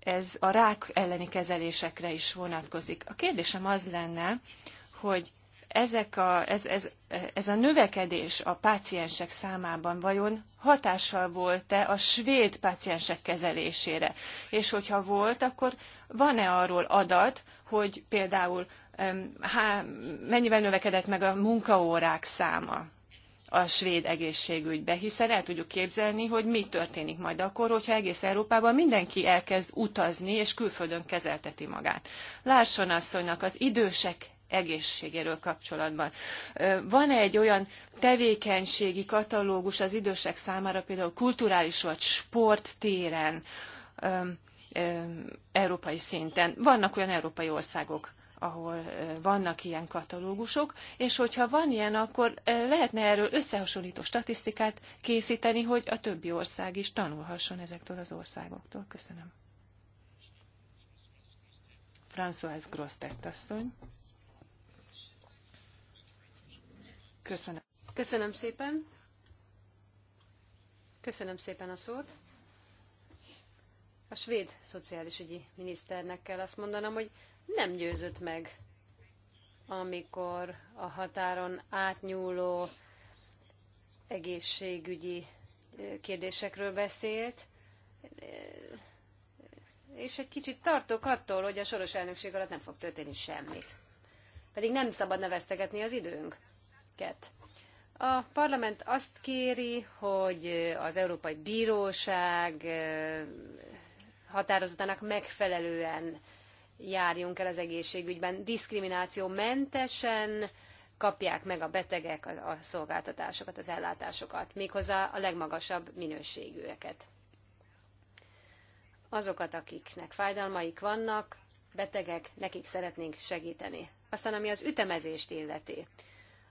ez a rák elleni kezelésekre is vonatkozik. A kérdésem az lenne, hogy ezek a, ez, ez, ez a növekedés a páciensek számában vajon hatással volt-e a svéd páciensek kezelésére? És hogyha volt, akkor van-e arról adat, hogy például há, mennyivel növekedett meg a munkaórák száma? a svéd egészségügybe, hiszen el tudjuk képzelni, hogy mi történik majd akkor, hogyha egész Európában mindenki elkezd utazni és külföldön kezelteti magát. Lásson asszonynak az idősek egészségéről kapcsolatban. Van-e egy olyan tevékenységi katalógus az idősek számára, például kulturális vagy sporttéren, európai szinten? Vannak olyan európai országok, ahol vannak ilyen katalógusok, és hogyha van ilyen, akkor lehetne erről összehasonlító statisztikát készíteni, hogy a többi ország is tanulhasson ezektől az országoktól. Köszönöm. François Grosztett asszony. Köszönöm. Köszönöm szépen. Köszönöm szépen a szót. A svéd szociális ügyi miniszternek kell azt mondanom, hogy nem győzött meg, amikor a határon átnyúló egészségügyi kérdésekről beszélt, és egy kicsit tartok attól, hogy a soros elnökség alatt nem fog történni semmit. Pedig nem szabad neveztegetni az időnk cikket. A parlament azt kéri, hogy az Európai Bíróság határozatának megfelelően járjunk el az egészségügyben, mentesen kapják meg a betegek a szolgáltatásokat, az ellátásokat, méghozzá a legmagasabb minőségűeket. Azokat, akiknek fájdalmaik vannak, betegek, nekik szeretnénk segíteni. Aztán ami az ütemezést illeti.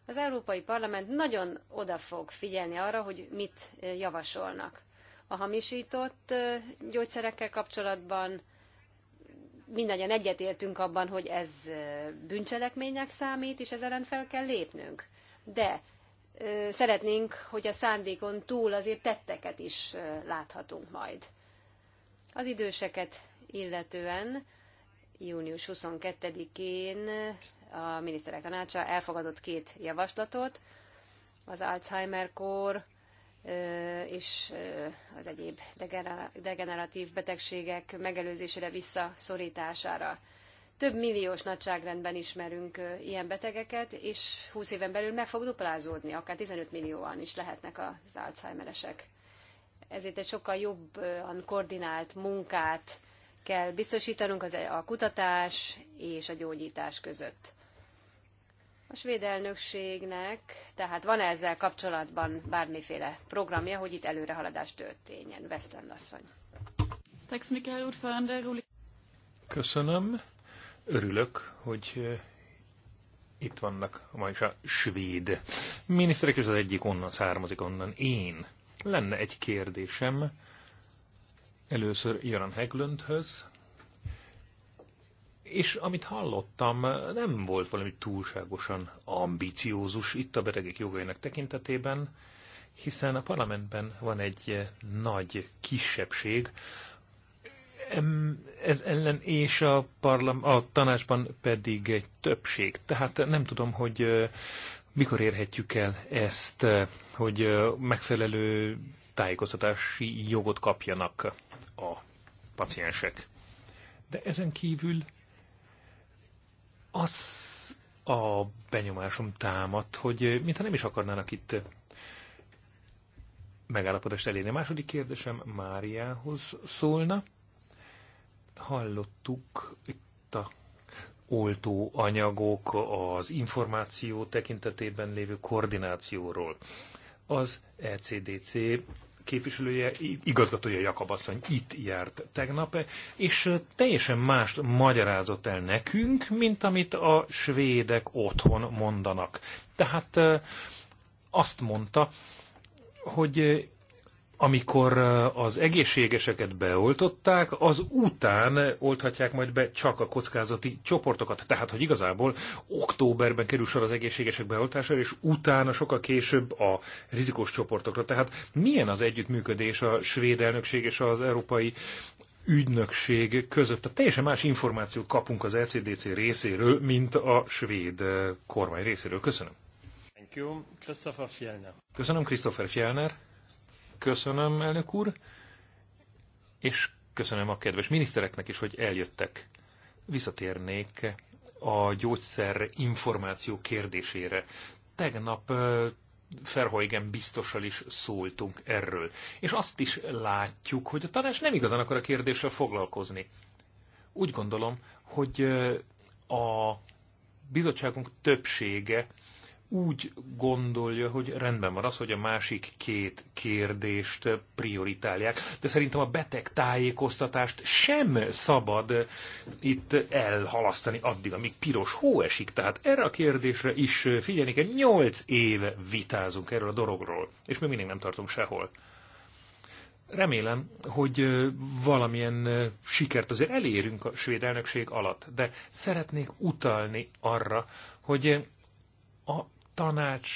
Az Európai Parlament nagyon oda fog figyelni arra, hogy mit eh, javasolnak. A hamisított eh, gyógyszerekkel kapcsolatban mindannyian egyetértünk abban, hogy ez eh, bűncselekménynek számít, és ez ellen fel kell lépnünk. De szeretnénk, hogy a szándékon túl azért tetteket is láthatunk majd. Az időseket illetően június 22-én a miniszterek tanácsa elfogadott két javaslatot, az Alzheimer-kór és az egyéb degeneratív betegségek megelőzésére, visszaszorítására. Több milliós nagyságrendben ismerünk ilyen betegeket, és 20 éven belül meg fog duplázódni, akár 15 millióan is lehetnek az Alzheimeresek. Ezért egy sokkal jobban koordinált munkát kell biztosítanunk a kutatás és a gyógyítás között. A svéd elnökségnek, tehát van -e ezzel kapcsolatban bármiféle programja, hogy itt előrehaladás történjen? Westland asszony. Köszönöm. Örülök, hogy eh, itt vannak ma is a svéd miniszterek, és az egyik onnan származik, onnan én. Lenne egy kérdésem először Jöran Heglundhöz, és amit hallottam, nem volt valami túlságosan ambiciózus itt a betegek jogainak tekintetében, hiszen a parlamentben van egy nagy kisebbség, ez ellen és a, parlam, a tanácsban pedig egy többség. Tehát nem tudom, hogy mikor érhetjük el ezt, hogy megfelelő tájékoztatási jogot kapjanak a paciensek. De ezen kívül az a benyomásom támad, hogy mintha nem is akarnának itt megállapodást elérni. A második kérdésem Máriához szólna. Hallottuk itt a anyagok az információ tekintetében lévő koordinációról. Az ECDC képviselője, igazgatója Jakab asszony itt járt tegnap, és teljesen mást magyarázott el nekünk, mint amit a svédek otthon mondanak. Tehát azt mondta, hogy amikor az egészségeseket beoltották, az után olthatják majd be csak a kockázati csoportokat. Tehát, hogy igazából októberben kerül sor az egészségesek beoltására, és utána sokkal később a rizikós csoportokra. Tehát milyen az együttműködés a svéd elnökség és az európai ügynökség között. Tehát teljesen más információt kapunk az LCDC e részéről, mint a svéd kormány részéről. Köszönöm. Thank you. Christopher Fjellner. Köszönöm, Christopher Fjellner. Köszönöm, elnök úr, és köszönöm a kedves minisztereknek is, hogy eljöttek. Visszatérnék a gyógyszer információ kérdésére. Tegnap Ferhoigen biztossal is szóltunk erről. És azt is látjuk, hogy a tanács nem igazán akar a kérdéssel foglalkozni. Úgy gondolom, hogy a bizottságunk többsége úgy gondolja, hogy rendben van az, hogy a másik két kérdést prioritálják, de szerintem a beteg tájékoztatást sem szabad itt elhalasztani addig, amíg piros hó esik. Tehát erre a kérdésre is figyelni kell. Nyolc éve vitázunk erről a dologról, és még mindig nem tartunk sehol. Remélem, hogy valamilyen sikert azért elérünk a svéd elnökség alatt, de szeretnék utalni arra, hogy a tanács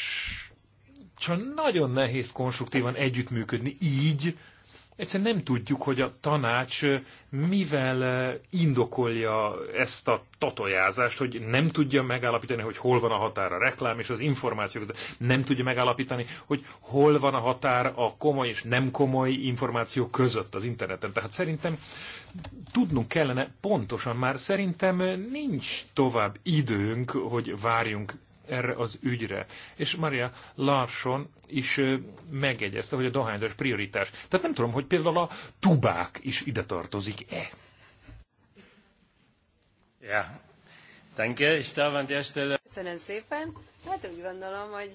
csak nagyon nehéz konstruktívan együttműködni így, egyszerűen nem tudjuk, hogy a tanács mivel indokolja ezt a tatojázást, hogy nem tudja megállapítani, hogy hol van a határ a reklám és az információk Nem tudja megállapítani, hogy hol van a határ a komoly és nem komoly információ között az interneten. Tehát szerintem tudnunk kellene pontosan már, szerintem nincs tovább időnk, hogy várjunk erre az ügyre. És Maria Larson is megegyezte, hogy a dohányzás prioritás. Tehát nem tudom, hogy például a tubák is ide tartozik-e. Ja, danke, ich darf an der Stelle... Köszönöm szépen. Hát úgy gondolom, hogy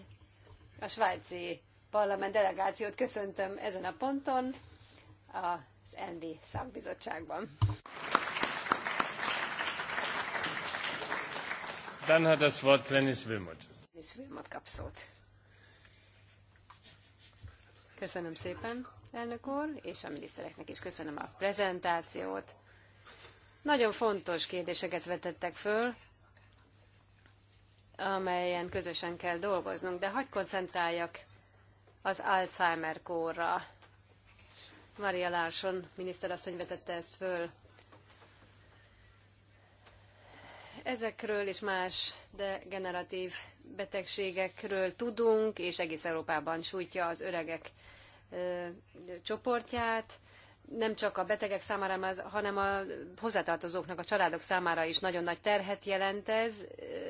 a svájci parlament delegációt köszöntöm ezen a ponton az NV szakbizottságban. Dann hat das Wort Glenis Wilmot. Glenis Wilmot kap szót. Köszönöm szépen, elnök úr, és a minisztereknek is köszönöm a prezentációt. Nagyon fontos kérdéseket vetettek föl, amelyen közösen kell dolgoznunk, de hagyj koncentráljak az Alzheimer kórra. Maria Larson miniszterasszony vetette ezt föl. Ezekről és más degeneratív betegségekről tudunk, és egész Európában sújtja az öregek ö, csoportját. Nem csak a betegek számára, hanem a hozzátartozóknak, a családok számára is nagyon nagy terhet jelent ez,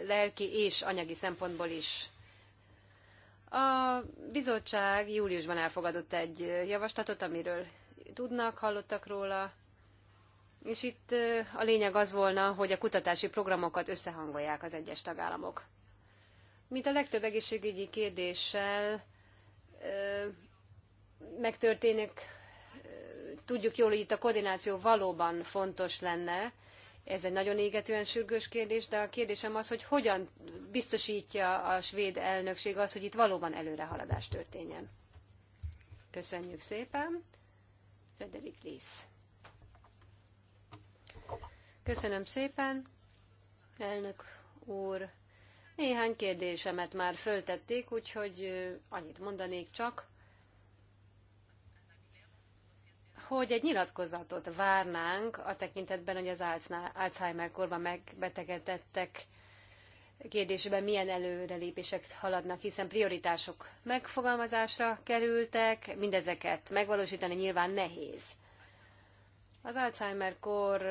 lelki és anyagi szempontból is. A bizottság júliusban elfogadott egy javaslatot, amiről tudnak, hallottak róla és itt a lényeg az volna, hogy a kutatási programokat összehangolják az egyes tagállamok. Mint a legtöbb egészségügyi kérdéssel megtörténik, tudjuk jól, hogy itt a koordináció valóban fontos lenne. Ez egy nagyon égetően sürgős kérdés, de a kérdésem az, hogy hogyan biztosítja a svéd elnökség az, hogy itt valóban előrehaladás történjen. Köszönjük szépen. Frederik Lisz. Köszönöm szépen, elnök úr. Néhány kérdésemet már föltették, úgyhogy annyit mondanék csak, hogy egy nyilatkozatot várnánk a tekintetben, hogy az Alzheimer-korban megbetegedettek kérdésében milyen előrelépések haladnak, hiszen prioritások megfogalmazásra kerültek, mindezeket megvalósítani nyilván nehéz. Az Alzheimer-kor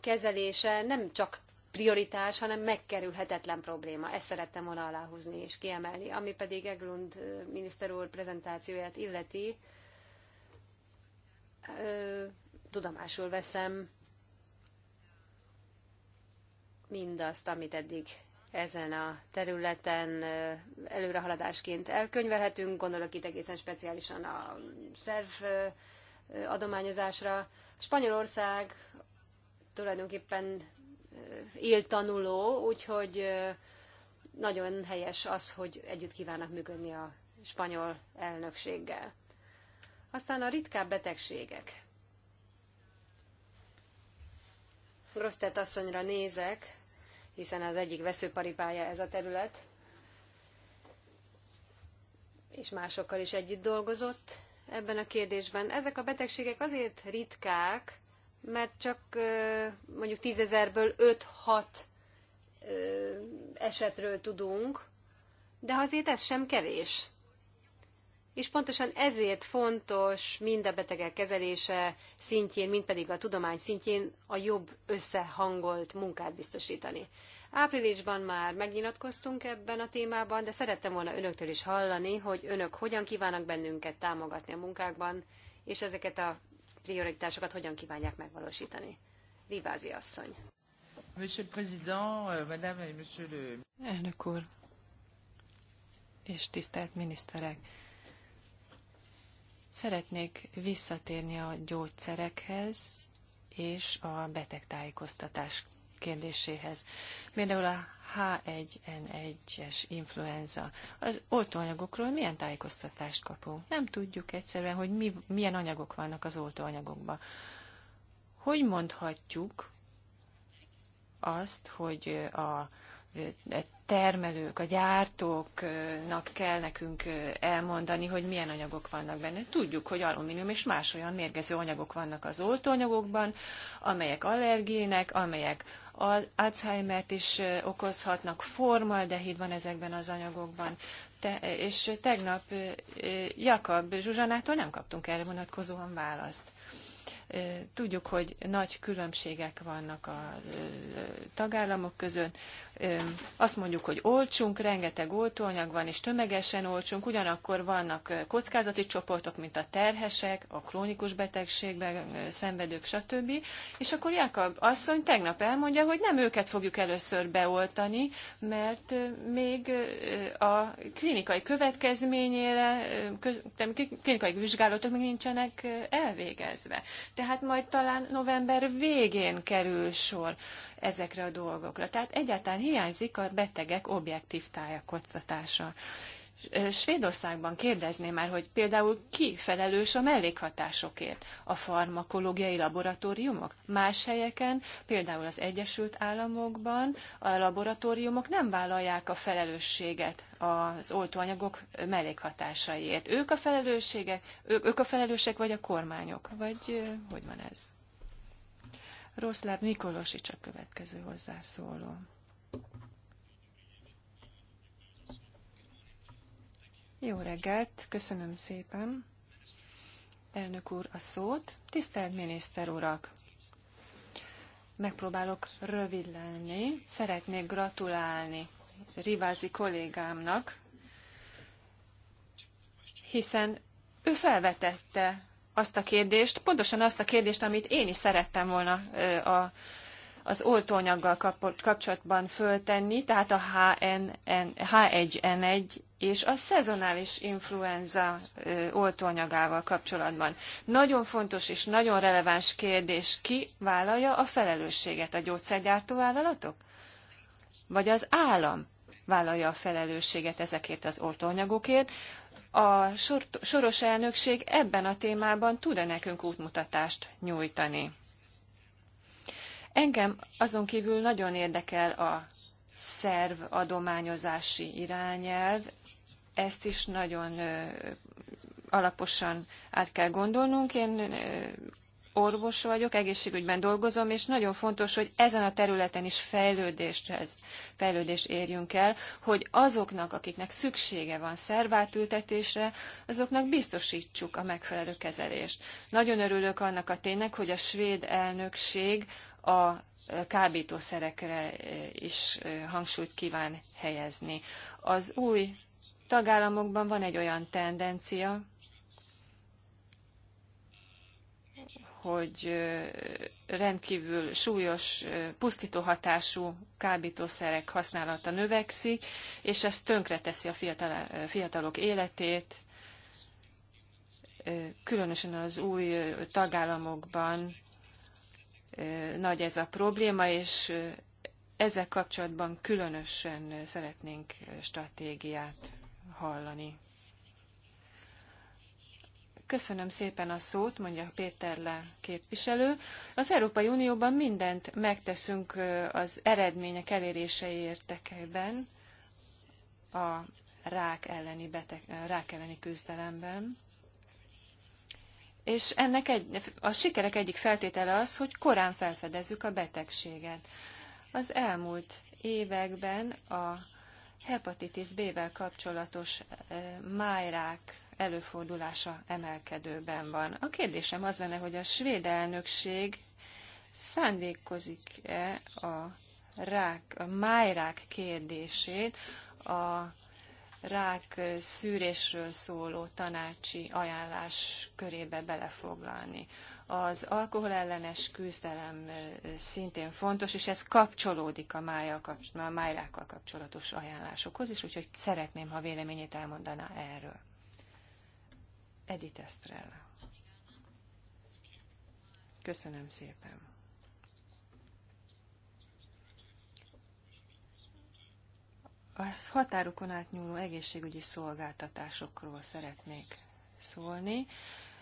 kezelése nem csak prioritás, hanem megkerülhetetlen probléma. Ezt szerettem volna aláhúzni és kiemelni. Ami pedig Eglund miniszter úr prezentációját illeti, tudomásul veszem mindazt, amit eddig ezen a területen előrehaladásként elkönyvelhetünk. Gondolok itt egészen speciálisan a szerv adományozásra. Spanyolország tulajdonképpen éltanuló, úgyhogy nagyon helyes az, hogy együtt kívánnak működni a spanyol elnökséggel. Aztán a ritkább betegségek. Grosztett asszonyra nézek, hiszen az egyik veszőparipája ez a terület, és másokkal is együtt dolgozott ebben a kérdésben. Ezek a betegségek azért ritkák, mert csak mondjuk tízezerből 5-6 esetről tudunk, de azért ez sem kevés. És pontosan ezért fontos mind a betegek kezelése szintjén, mind pedig a tudomány szintjén a jobb összehangolt munkát biztosítani. Áprilisban már megnyilatkoztunk ebben a témában, de szerettem volna önöktől is hallani, hogy önök hogyan kívánnak bennünket támogatni a munkákban, és ezeket a prioritásokat hogyan kívánják megvalósítani. Rivázi asszony. Monsieur le Président, euh, Madame et Monsieur le... Elnök úr, és tisztelt miniszterek! Szeretnék visszatérni a gyógyszerekhez és a betegtájékoztatás kérdéséhez. Például a H1N1-es influenza. Az oltóanyagokról milyen tájékoztatást kapunk? Nem tudjuk egyszerűen, hogy mi, milyen anyagok vannak az oltóanyagokban. Hogy mondhatjuk azt, hogy a termelők, a gyártóknak kell nekünk elmondani, hogy milyen anyagok vannak benne. Tudjuk, hogy alumínium és más olyan mérgező anyagok vannak az oltóanyagokban, amelyek allergének, amelyek Alzheimer-t is okozhatnak, formaldehid van ezekben az anyagokban. Te, és tegnap Jakab Zsuzsanától nem kaptunk erre vonatkozóan választ. Tudjuk, hogy nagy különbségek vannak a tagállamok között. Azt mondjuk, hogy olcsunk, rengeteg oltóanyag van, és tömegesen olcsunk, ugyanakkor vannak kockázati csoportok, mint a terhesek, a krónikus betegségben szenvedők, stb. És akkor Jakab asszony tegnap elmondja, hogy nem őket fogjuk először beoltani, mert még a klinikai következményére, klinikai vizsgálatok még nincsenek elvégezve tehát majd talán november végén kerül sor ezekre a dolgokra. Tehát egyáltalán hiányzik a betegek objektív tájékoztatása. Svédországban kérdezném már, hogy például ki felelős a mellékhatásokért? A farmakológiai laboratóriumok? Más helyeken, például az Egyesült Államokban a laboratóriumok nem vállalják a felelősséget az oltóanyagok mellékhatásaiért. Ők a felelősségek, ők, ők a felelősek vagy a kormányok? Vagy hogy van ez? Roszláv Mikolosics a következő hozzászóló. Jó reggelt, köszönöm szépen. Elnök úr a szót. Tisztelt miniszter urak! Megpróbálok rövid lenni. Szeretnék gratulálni Rivázi kollégámnak, hiszen ő felvetette azt a kérdést, pontosan azt a kérdést, amit én is szerettem volna a, az oltóanyaggal kapcsolatban föltenni, tehát a HN, H1N1 és a szezonális influenza oltóanyagával kapcsolatban. Nagyon fontos és nagyon releváns kérdés, ki vállalja a felelősséget? A gyógyszergyártó vállalatok? Vagy az állam vállalja a felelősséget ezekért az oltóanyagokért? A soros elnökség ebben a témában tud-e nekünk útmutatást nyújtani? Engem azon kívül nagyon érdekel a szervadományozási irányelv, ezt is nagyon alaposan át kell gondolnunk. Én orvos vagyok, egészségügyben dolgozom, és nagyon fontos, hogy ezen a területen is fejlődéshez, fejlődés érjünk el, hogy azoknak, akiknek szüksége van szervátültetésre, azoknak biztosítsuk a megfelelő kezelést. Nagyon örülök annak a ténynek, hogy a svéd elnökség a kábítószerekre is hangsúlyt kíván helyezni. Az új tagállamokban van egy olyan tendencia, hogy rendkívül súlyos, pusztító hatású kábítószerek használata növekszik, és ez tönkreteszi a fiatal, fiatalok életét, különösen az új tagállamokban nagy ez a probléma, és ezzel kapcsolatban különösen szeretnénk stratégiát hallani. Köszönöm szépen a szót, mondja Péter Le képviselő. Az Európai Unióban mindent megteszünk az eredmények elérése érdekében a rák elleni, beteg, rák elleni küzdelemben. És ennek egy, a sikerek egyik feltétele az, hogy korán felfedezzük a betegséget. Az elmúlt években a hepatitis B-vel kapcsolatos eh, májrák előfordulása emelkedőben van. A kérdésem az lenne, hogy a svéd elnökség szándékozik-e a rák, a májrák kérdését a rák szűrésről szóló tanácsi ajánlás körébe belefoglalni. Az alkoholellenes küzdelem szintén fontos, és ez kapcsolódik a, a májrákkal kapcsolatos ajánlásokhoz is, úgyhogy szeretném, ha véleményét elmondaná erről. Edith Estrella. Köszönöm szépen. A határokon átnyúló egészségügyi szolgáltatásokról szeretnék szólni.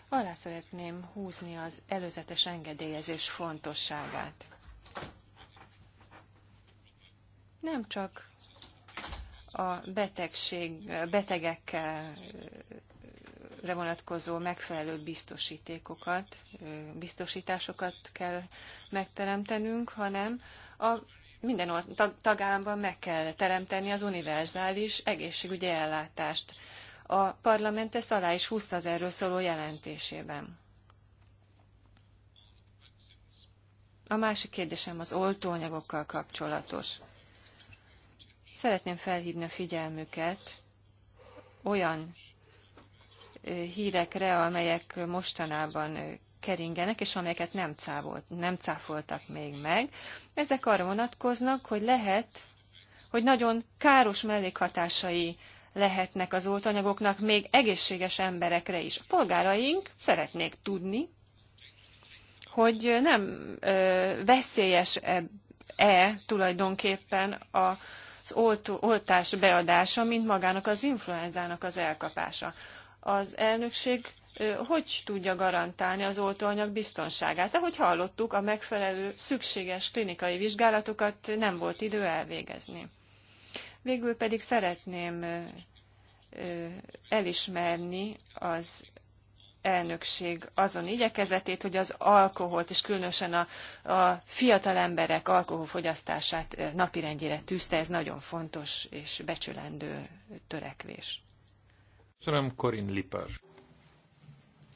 Alá szeretném húzni az előzetes engedélyezés fontosságát. Nem csak a betegség, betegekre vonatkozó megfelelő biztosítékokat, biztosításokat kell megteremtenünk, hanem a minden tagállamban meg kell teremteni az univerzális egészségügyi ellátást. A parlament ezt alá is húzta az erről szóló jelentésében. A másik kérdésem az oltóanyagokkal kapcsolatos. Szeretném felhívni a figyelmüket olyan hírekre, amelyek mostanában keringenek, és amelyeket nem, cávolt, nem cáfoltak még meg. Ezek arra vonatkoznak, hogy lehet, hogy nagyon káros mellékhatásai lehetnek az oltanyagoknak még egészséges emberekre is. A polgáraink szeretnék tudni, hogy nem ö, veszélyes-e e tulajdonképpen a az oltó, oltás beadása, mint magának az influenzának az elkapása. Az elnökség hogy tudja garantálni az oltóanyag biztonságát? Ahogy hallottuk, a megfelelő szükséges klinikai vizsgálatokat nem volt idő elvégezni. Végül pedig szeretném elismerni az elnökség azon igyekezetét, hogy az alkoholt, és különösen a, a fiatal emberek alkoholfogyasztását napirendjére tűzte. Ez nagyon fontos és becsülendő törekvés. Köszönöm, Corinne Lipás.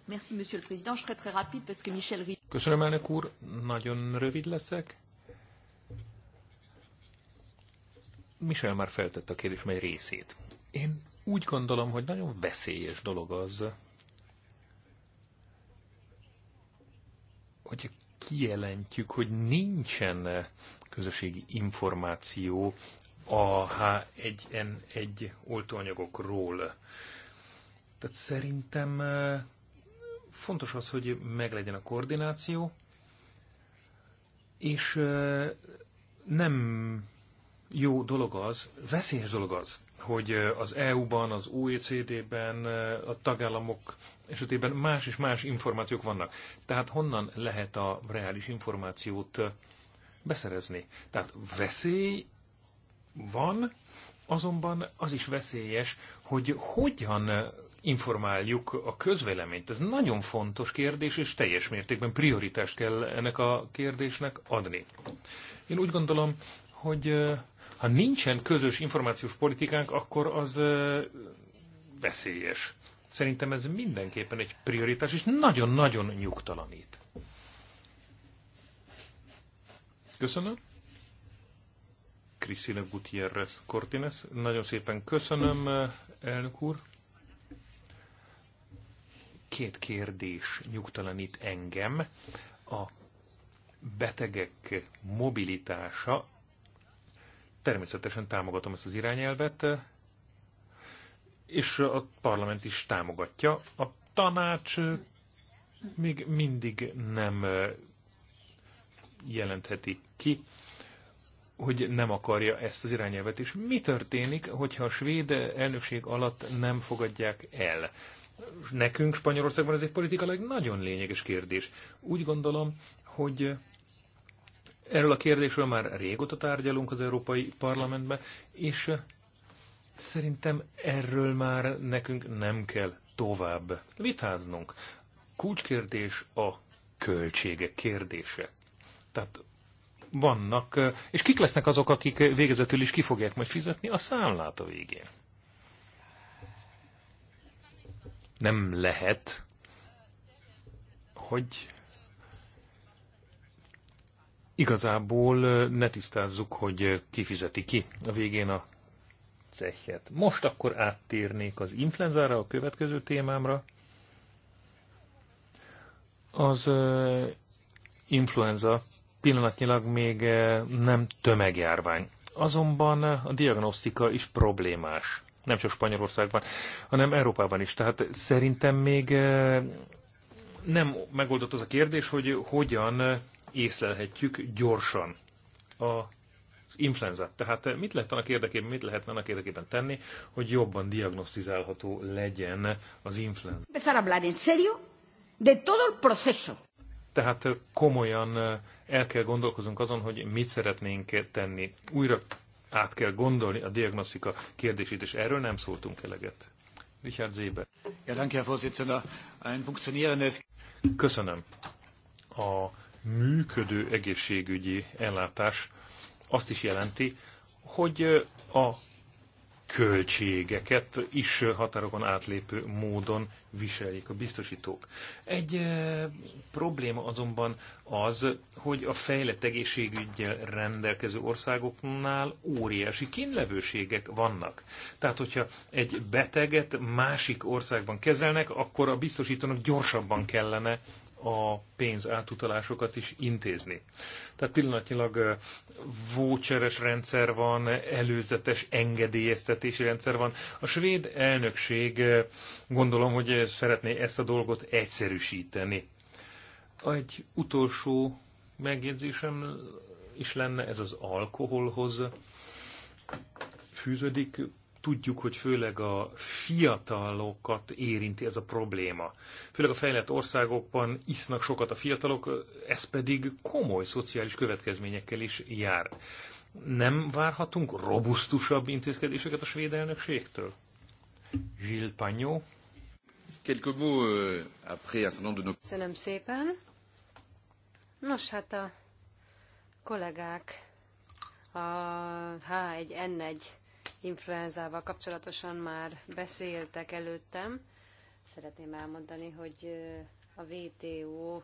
Merci, Monsieur le Président. Je serai très rapide parce que Michel Rivaud... Köszönöm, elnök úr. Nagyon rövid leszek. Michel már feltett a kérdés mely részét. Én úgy gondolom, hogy nagyon veszélyes dolog az, hogy kijelentjük, hogy nincsen közösségi információ a H1N1 oltóanyagokról. Tehát szerintem Fontos az, hogy meglegyen a koordináció, és nem jó dolog az, veszélyes dolog az, hogy az EU-ban, az OECD-ben, a tagállamok esetében más és más információk vannak. Tehát honnan lehet a reális információt beszerezni? Tehát veszély van, azonban az is veszélyes, hogy hogyan informáljuk a közvéleményt. Ez nagyon fontos kérdés, és teljes mértékben prioritást kell ennek a kérdésnek adni. Én úgy gondolom, hogy ha nincsen közös információs politikánk, akkor az veszélyes. Szerintem ez mindenképpen egy prioritás, és nagyon-nagyon nyugtalanít. Köszönöm. Krisztina Gutierrez Cortines. Nagyon szépen köszönöm, elnök úr két kérdés nyugtalanít engem. A betegek mobilitása, természetesen támogatom ezt az irányelvet, és a parlament is támogatja. A tanács még mindig nem jelentheti ki, hogy nem akarja ezt az irányelvet. És mi történik, hogyha a svéd elnökség alatt nem fogadják el? nekünk Spanyolországban ez egy politikailag nagyon lényeges kérdés. Úgy gondolom, hogy erről a kérdésről már régóta tárgyalunk az Európai Parlamentben, és szerintem erről már nekünk nem kell tovább vitáznunk. Kulcskérdés a költségek kérdése. Tehát vannak, és kik lesznek azok, akik végezetül is ki fogják majd fizetni a számlát a végén? nem lehet, hogy igazából ne tisztázzuk, hogy ki fizeti ki a végén a cehet. Most akkor áttérnék az influenzára, a következő témámra. Az influenza pillanatnyilag még nem tömegjárvány. Azonban a diagnosztika is problémás nem csak Spanyolországban, hanem Európában is. Tehát szerintem még eh, nem megoldott az a kérdés, hogy hogyan eh, észlelhetjük gyorsan a az influenzát. Tehát eh, mit lehet annak érdekében, mit lehetne annak érdekében tenni, hogy jobban diagnosztizálható legyen az influenza? de todo el proceso. Tehát komolyan el kell gondolkozunk azon, hogy mit szeretnénk tenni. Újra át kell gondolni a diagnosztika kérdését, és erről nem szóltunk eleget. Richard Zéber. Ja, danke, Herr Vorsitzender. Ein funktionierendes... Köszönöm. A működő egészségügyi ellátás azt is jelenti, hogy a költségeket is határokon átlépő módon viselik a biztosítók. Egy e, probléma azonban az, hogy a fejlett egészségügyel rendelkező országoknál óriási kínlevőségek vannak. Tehát, hogyha egy beteget másik országban kezelnek, akkor a biztosítónak gyorsabban kellene a pénz átutalásokat is intézni. Tehát pillanatnyilag voucheres rendszer van, előzetes engedélyeztetési rendszer van. A svéd elnökség gondolom, hogy szeretné ezt a dolgot egyszerűsíteni. Egy utolsó megjegyzésem is lenne, ez az alkoholhoz fűződik tudjuk, hogy főleg a fiatalokat érinti ez a probléma. Főleg a fejlett országokban isznak sokat a fiatalok, ez pedig komoly szociális következményekkel is jár. Nem várhatunk robusztusabb intézkedéseket a svéd elnökségtől? Gilles Pagnot. Quelques mots euh, après un certain nombre de nos... Köszönöm szépen. Nos, hát a kollégák a H1N1 influenzával kapcsolatosan már beszéltek előttem. Szeretném elmondani, hogy a WTO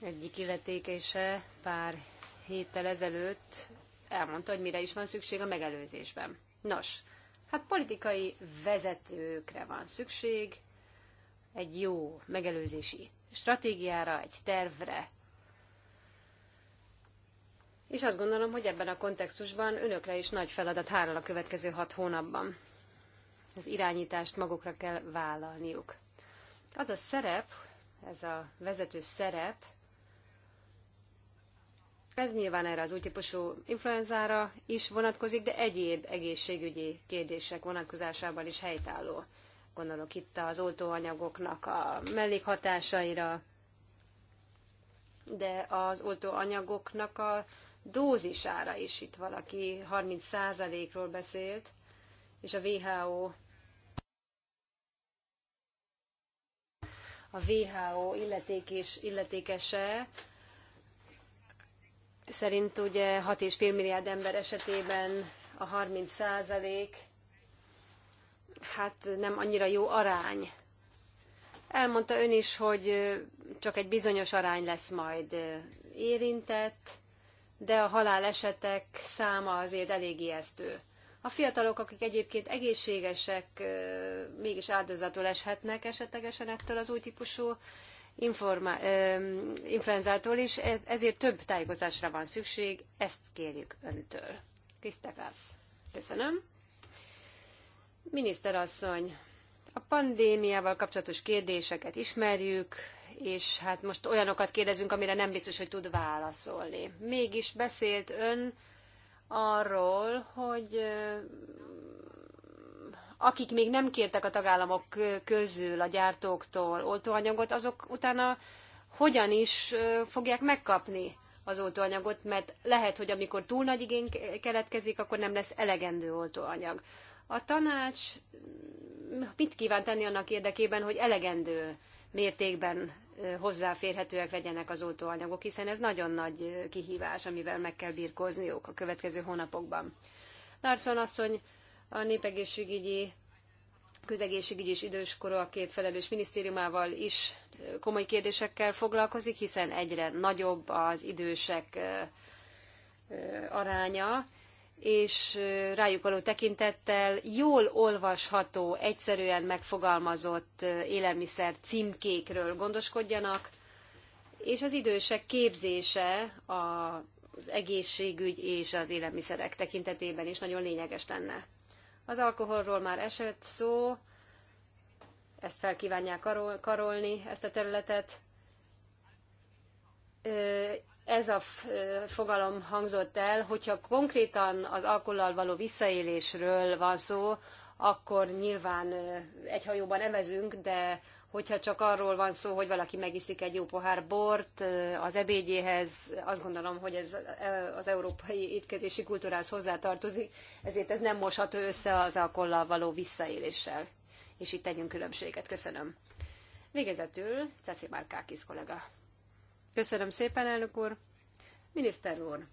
egyik illetékése pár héttel ezelőtt elmondta, hogy mire is van szükség a megelőzésben. Nos, hát politikai vezetőkre van szükség, egy jó megelőzési stratégiára, egy tervre, és azt gondolom, hogy ebben a kontextusban önökre is nagy feladat hárul a következő hat hónapban. Az irányítást magukra kell vállalniuk. Az a szerep, ez a vezető szerep, ez nyilván erre az új típusú influenzára is vonatkozik, de egyéb egészségügyi kérdések vonatkozásában is helytálló. Gondolok itt az oltóanyagoknak a mellékhatásaira, de az oltóanyagoknak a dózisára is itt valaki 30%-ról beszélt, és a WHO a WHO illetékes illetékese szerint ugye 6,5 milliárd ember esetében a 30 százalék hát nem annyira jó arány Elmondta ön is, hogy csak egy bizonyos arány lesz majd érintett, de a halálesetek száma azért elég ijesztő. A fiatalok, akik egyébként egészségesek, mégis áldozatul eshetnek esetlegesen ettől az új típusú informa- influenzától is, e-, ezért több tájékozásra van szükség, ezt kérjük öntől. Krisztegász. Köszönöm. Miniszter asszony, a pandémiával kapcsolatos kérdéseket ismerjük, és hát most olyanokat kérdezünk, amire nem biztos, hogy tud válaszolni. Mégis beszélt ön arról, hogy akik még nem kértek a tagállamok közül a gyártóktól oltóanyagot, azok utána hogyan is fogják megkapni az oltóanyagot, mert lehet, hogy amikor túl nagy igény keletkezik, akkor nem lesz elegendő oltóanyag. A tanács mit kíván tenni annak érdekében, hogy elegendő mértékben hozzáférhetőek legyenek az oltóanyagok, hiszen ez nagyon nagy kihívás, amivel meg kell birkózniuk a következő hónapokban. Larson asszony, a népegészségügyi, közegészségügyi és időskorúakért felelős minisztériumával is komoly kérdésekkel foglalkozik, hiszen egyre nagyobb az idősek aránya, és rájuk való tekintettel jól olvasható, egyszerűen megfogalmazott élelmiszer címkékről gondoskodjanak, és az idősek képzése az egészségügy és az élelmiszerek tekintetében is nagyon lényeges lenne. Az alkoholról már esett szó, ezt felkívánják karolni, ezt a területet ez a fogalom hangzott el, hogyha konkrétan az alkollal való visszaélésről van szó, akkor nyilván egy hajóban evezünk, de hogyha csak arról van szó, hogy valaki megiszik egy jó pohár bort az ebédjéhez, azt gondolom, hogy ez az európai étkezési kultúrához hozzátartozik, ezért ez nem mosható össze az alkollal való visszaéléssel. És itt tegyünk különbséget. Köszönöm. Végezetül Ceci Márkákis kollega. Köszönöm szépen, elnök úr. Miniszter úr,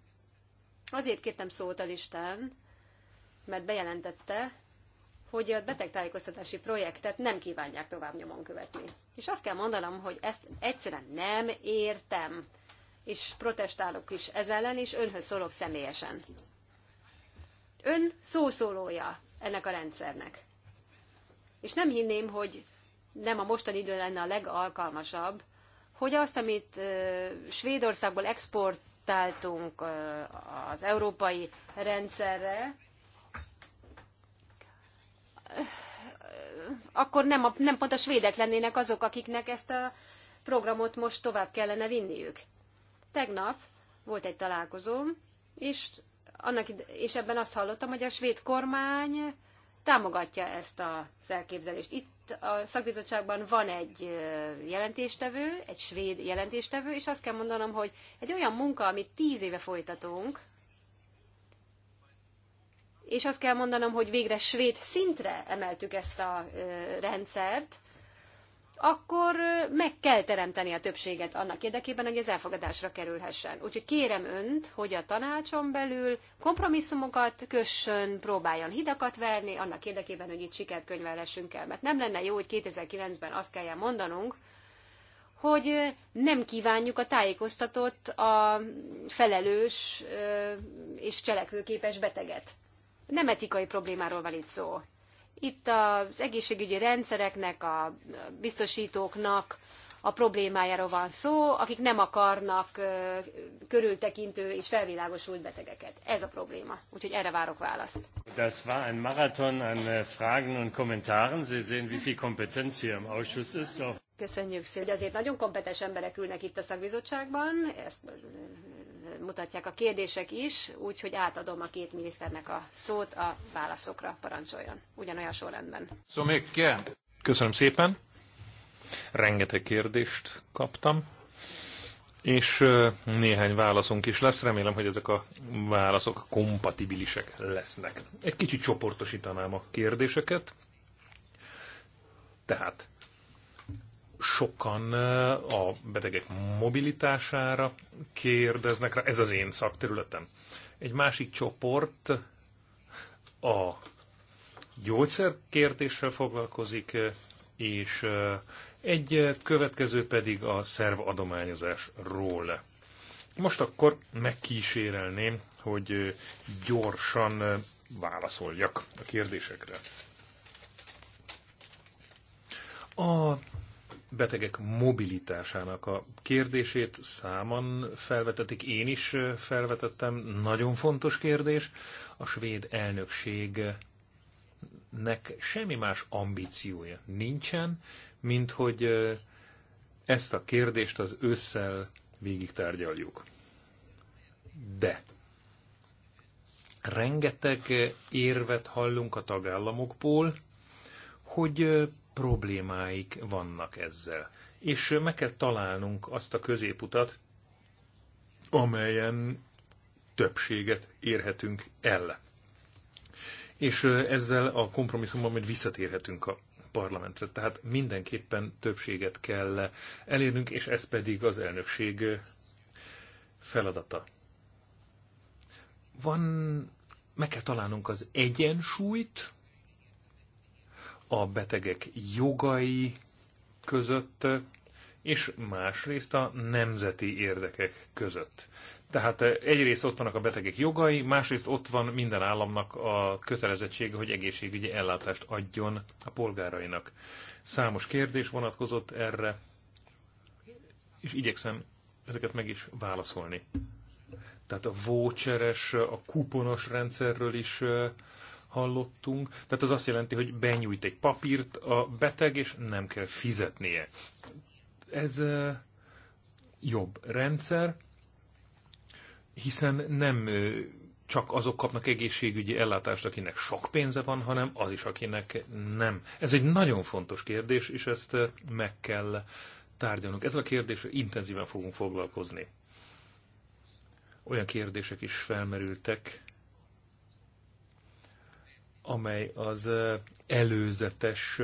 azért kértem szót a listán, mert bejelentette, hogy a betegtájékoztatási projektet nem kívánják tovább nyomon követni. És azt kell mondanom, hogy ezt egyszerűen nem értem, és protestálok is ez ellen, és önhöz szólok személyesen. Ön szószólója ennek a rendszernek. És nem hinném, hogy nem a mostani idő lenne a legalkalmasabb hogy azt, amit Svédországból exportáltunk az európai rendszerre, akkor nem, a, nem pont a svédek lennének azok, akiknek ezt a programot most tovább kellene vinniük. Tegnap volt egy találkozóm, és, annak, és ebben azt hallottam, hogy a svéd kormány támogatja ezt az elképzelést. Itt itt a szakbizottságban van egy jelentéstevő, egy svéd jelentéstevő, és azt kell mondanom, hogy egy olyan munka, amit tíz éve folytatunk, és azt kell mondanom, hogy végre svéd szintre emeltük ezt a rendszert, akkor meg kell teremteni a többséget annak érdekében, hogy ez elfogadásra kerülhessen. Úgyhogy kérem önt, hogy a tanácson belül kompromisszumokat kössön, próbáljon hidakat verni, annak érdekében, hogy itt sikert könyvelhessünk el. Mert nem lenne jó, hogy 2009-ben azt kelljen mondanunk, hogy nem kívánjuk a tájékoztatott, a felelős és cselekvőképes beteget. Nem etikai problémáról van itt szó. Itt az egészségügyi rendszereknek, a biztosítóknak a problémájáról van szó, akik nem akarnak körültekintő és felvilágosult betegeket. Ez a probléma. Úgyhogy erre várok választ. Das war ein Marathon an äh, Fragen und Kommentaren. Sie sehen, wie viel Kompetenz hier im Ausschuss ist. Köszönjük szépen, hogy azért nagyon kompetens emberek ülnek itt a szakbizottságban, ezt mutatják a kérdések is, úgyhogy átadom a két miniszternek a szót a válaszokra, parancsoljon. Ugyanolyan sorrendben. Szomike! Köszönöm szépen! Rengeteg kérdést kaptam, és néhány válaszunk is lesz. Remélem, hogy ezek a válaszok kompatibilisek lesznek. Egy kicsit csoportosítanám a kérdéseket. Tehát sokan eh, a betegek mobilitására kérdeznek rá, ez az én szakterületem. Egy másik csoport a gyógyszerkérdéssel foglalkozik, eh, és eh, egy következő pedig a szervadományozásról. Most akkor megkísérelném, hogy gyorsan válaszoljak a kérdésekre. A betegek mobilitásának a kérdését száman felvetetik, én is felvetettem, nagyon fontos kérdés. A svéd elnökségnek semmi más ambíciója nincsen, mint hogy ezt a kérdést az ősszel végig tárgyaljuk. De rengeteg érvet hallunk a tagállamokból, hogy problémáik vannak ezzel. És meg kell találnunk azt a középutat, amelyen többséget érhetünk el. És ezzel a kompromisszummal majd visszatérhetünk a parlamentre. Tehát mindenképpen többséget kell elérnünk, és ez pedig az elnökség feladata. Van, meg kell találnunk az egyensúlyt, a betegek jogai között, és másrészt a nemzeti érdekek között. Tehát eh, egyrészt ott vannak a betegek jogai, másrészt ott van minden államnak a kötelezettsége, hogy egészségügyi ellátást adjon a polgárainak. Számos kérdés vonatkozott erre, és igyekszem ezeket meg is válaszolni. Tehát a voucheres, a kuponos rendszerről is eh, hallottunk. Tehát az azt jelenti, hogy benyújt egy papírt a beteg, és nem kell fizetnie. Ez jobb rendszer, hiszen nem csak azok kapnak egészségügyi ellátást, akinek sok pénze van, hanem az is, akinek nem. Ez egy nagyon fontos kérdés, és ezt meg kell tárgyalnunk. Ezzel a kérdésre intenzíven fogunk foglalkozni. Olyan kérdések is felmerültek, amely az előzetes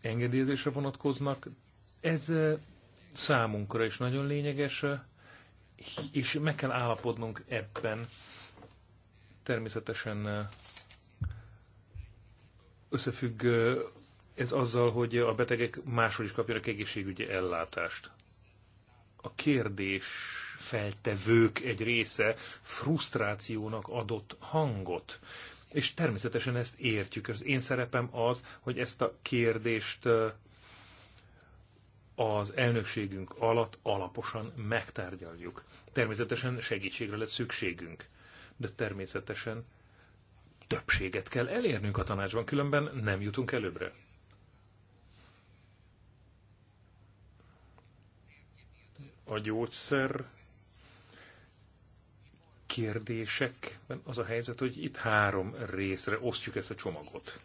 engedélyezésre vonatkoznak. Ez számunkra is nagyon lényeges, és meg kell állapodnunk ebben. Természetesen összefügg ez azzal, hogy a betegek máshol is kapjanak egészségügyi ellátást. A kérdés feltevők egy része frusztrációnak adott hangot. És természetesen ezt értjük. Az én szerepem az, hogy ezt a kérdést az elnökségünk alatt alaposan megtárgyaljuk. Természetesen segítségre lett szükségünk, de természetesen többséget kell elérnünk a tanácsban, különben nem jutunk előbbre. A gyógyszer kérdésekben az a helyzet, hogy itt három részre osztjuk ezt a csomagot.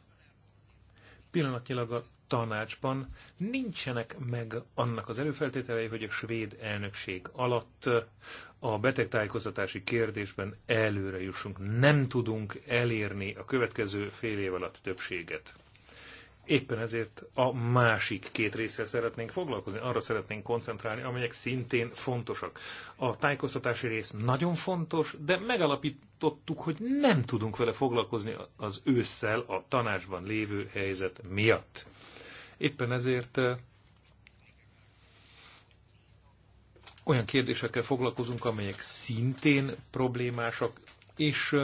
Pillanatnyilag a tanácsban nincsenek meg annak az előfeltételei, hogy a svéd elnökség alatt a betegtájékoztatási kérdésben előre jussunk. Nem tudunk elérni a következő fél év alatt többséget. Éppen ezért a másik két része szeretnénk foglalkozni, arra szeretnénk koncentrálni, amelyek szintén fontosak. A tájékoztatási rész nagyon fontos, de megalapítottuk, hogy nem tudunk vele foglalkozni az ősszel a tanácsban lévő helyzet miatt. Éppen ezért olyan kérdésekkel foglalkozunk, amelyek szintén problémásak, és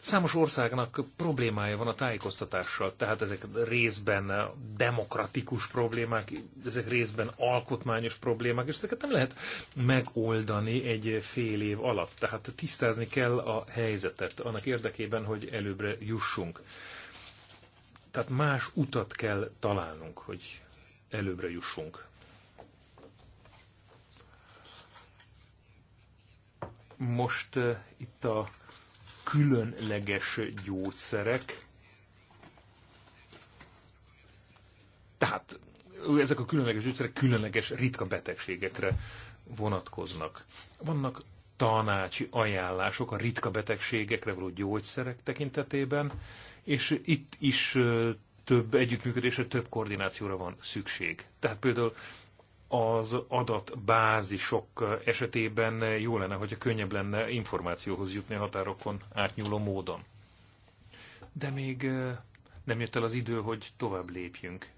számos országnak problémája van a tájékoztatással, tehát ezek részben demokratikus problémák, ezek részben alkotmányos problémák, és ezeket nem lehet megoldani egy fél év alatt. Tehát tisztázni kell a helyzetet annak érdekében, hogy előbbre jussunk. Tehát más utat kell találnunk, hogy előbbre jussunk. most uh, itt a különleges gyógyszerek. Tehát ezek a különleges gyógyszerek különleges ritka betegségekre vonatkoznak. Vannak tanácsi ajánlások a ritka betegségekre való gyógyszerek tekintetében, és itt is több együttműködésre, több koordinációra van szükség. Tehát például az adatbázisok esetében jó lenne, hogyha könnyebb lenne információhoz jutni a határokon átnyúló módon. De még nem jött el az idő, hogy tovább lépjünk.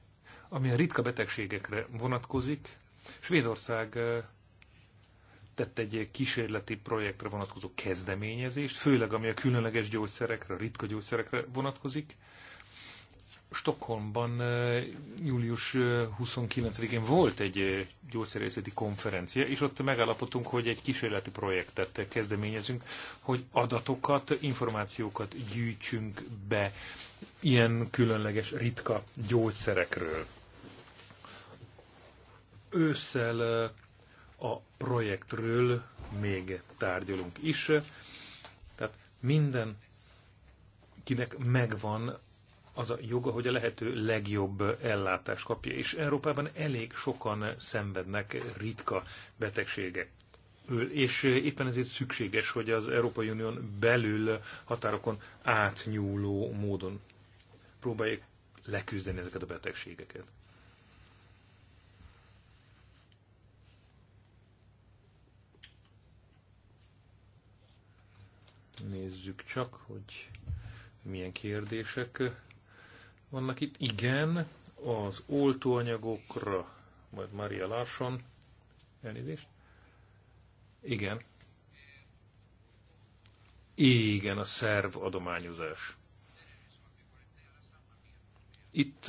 Ami a ritka betegségekre vonatkozik, Svédország tett egy kísérleti projektre vonatkozó kezdeményezést, főleg ami a különleges gyógyszerekre, a ritka gyógyszerekre vonatkozik, Stockholmban július 29-én volt egy gyógyszerészeti konferencia, és ott megállapodtunk, hogy egy kísérleti projektet kezdeményezünk, hogy adatokat, információkat gyűjtsünk be ilyen különleges, ritka gyógyszerekről. Ősszel a projektről még tárgyalunk is, tehát minden kinek megvan az a joga, hogy a lehető legjobb ellátást kapja, és Európában elég sokan szenvednek ritka betegségek. És éppen ezért szükséges, hogy az Európai Unión belül határokon átnyúló módon próbáljuk leküzdeni ezeket a betegségeket. Nézzük csak, hogy milyen kérdések vannak itt. Igen, az oltóanyagokra, majd Maria Larson, elnézést. Igen. Igen, a szerv adományozás. Itt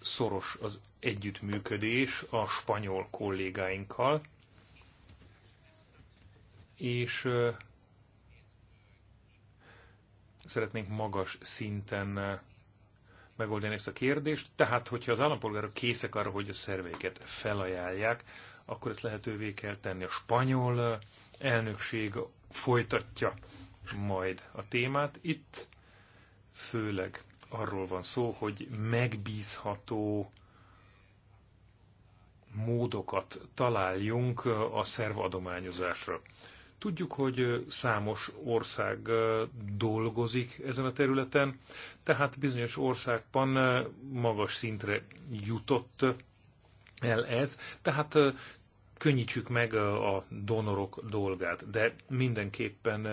szoros az együttműködés a spanyol kollégáinkkal, és szeretnénk magas szinten megoldani ezt a kérdést. Tehát, hogyha az állampolgárok készek arra, hogy a szerveiket felajánlják, akkor ezt lehetővé kell tenni. A spanyol elnökség folytatja majd a témát. Itt főleg arról van szó, hogy megbízható módokat találjunk a szervadományozásra. Tudjuk, hogy számos ország dolgozik ezen a területen, tehát bizonyos országban magas szintre jutott el ez, tehát könnyítsük meg a donorok dolgát, de mindenképpen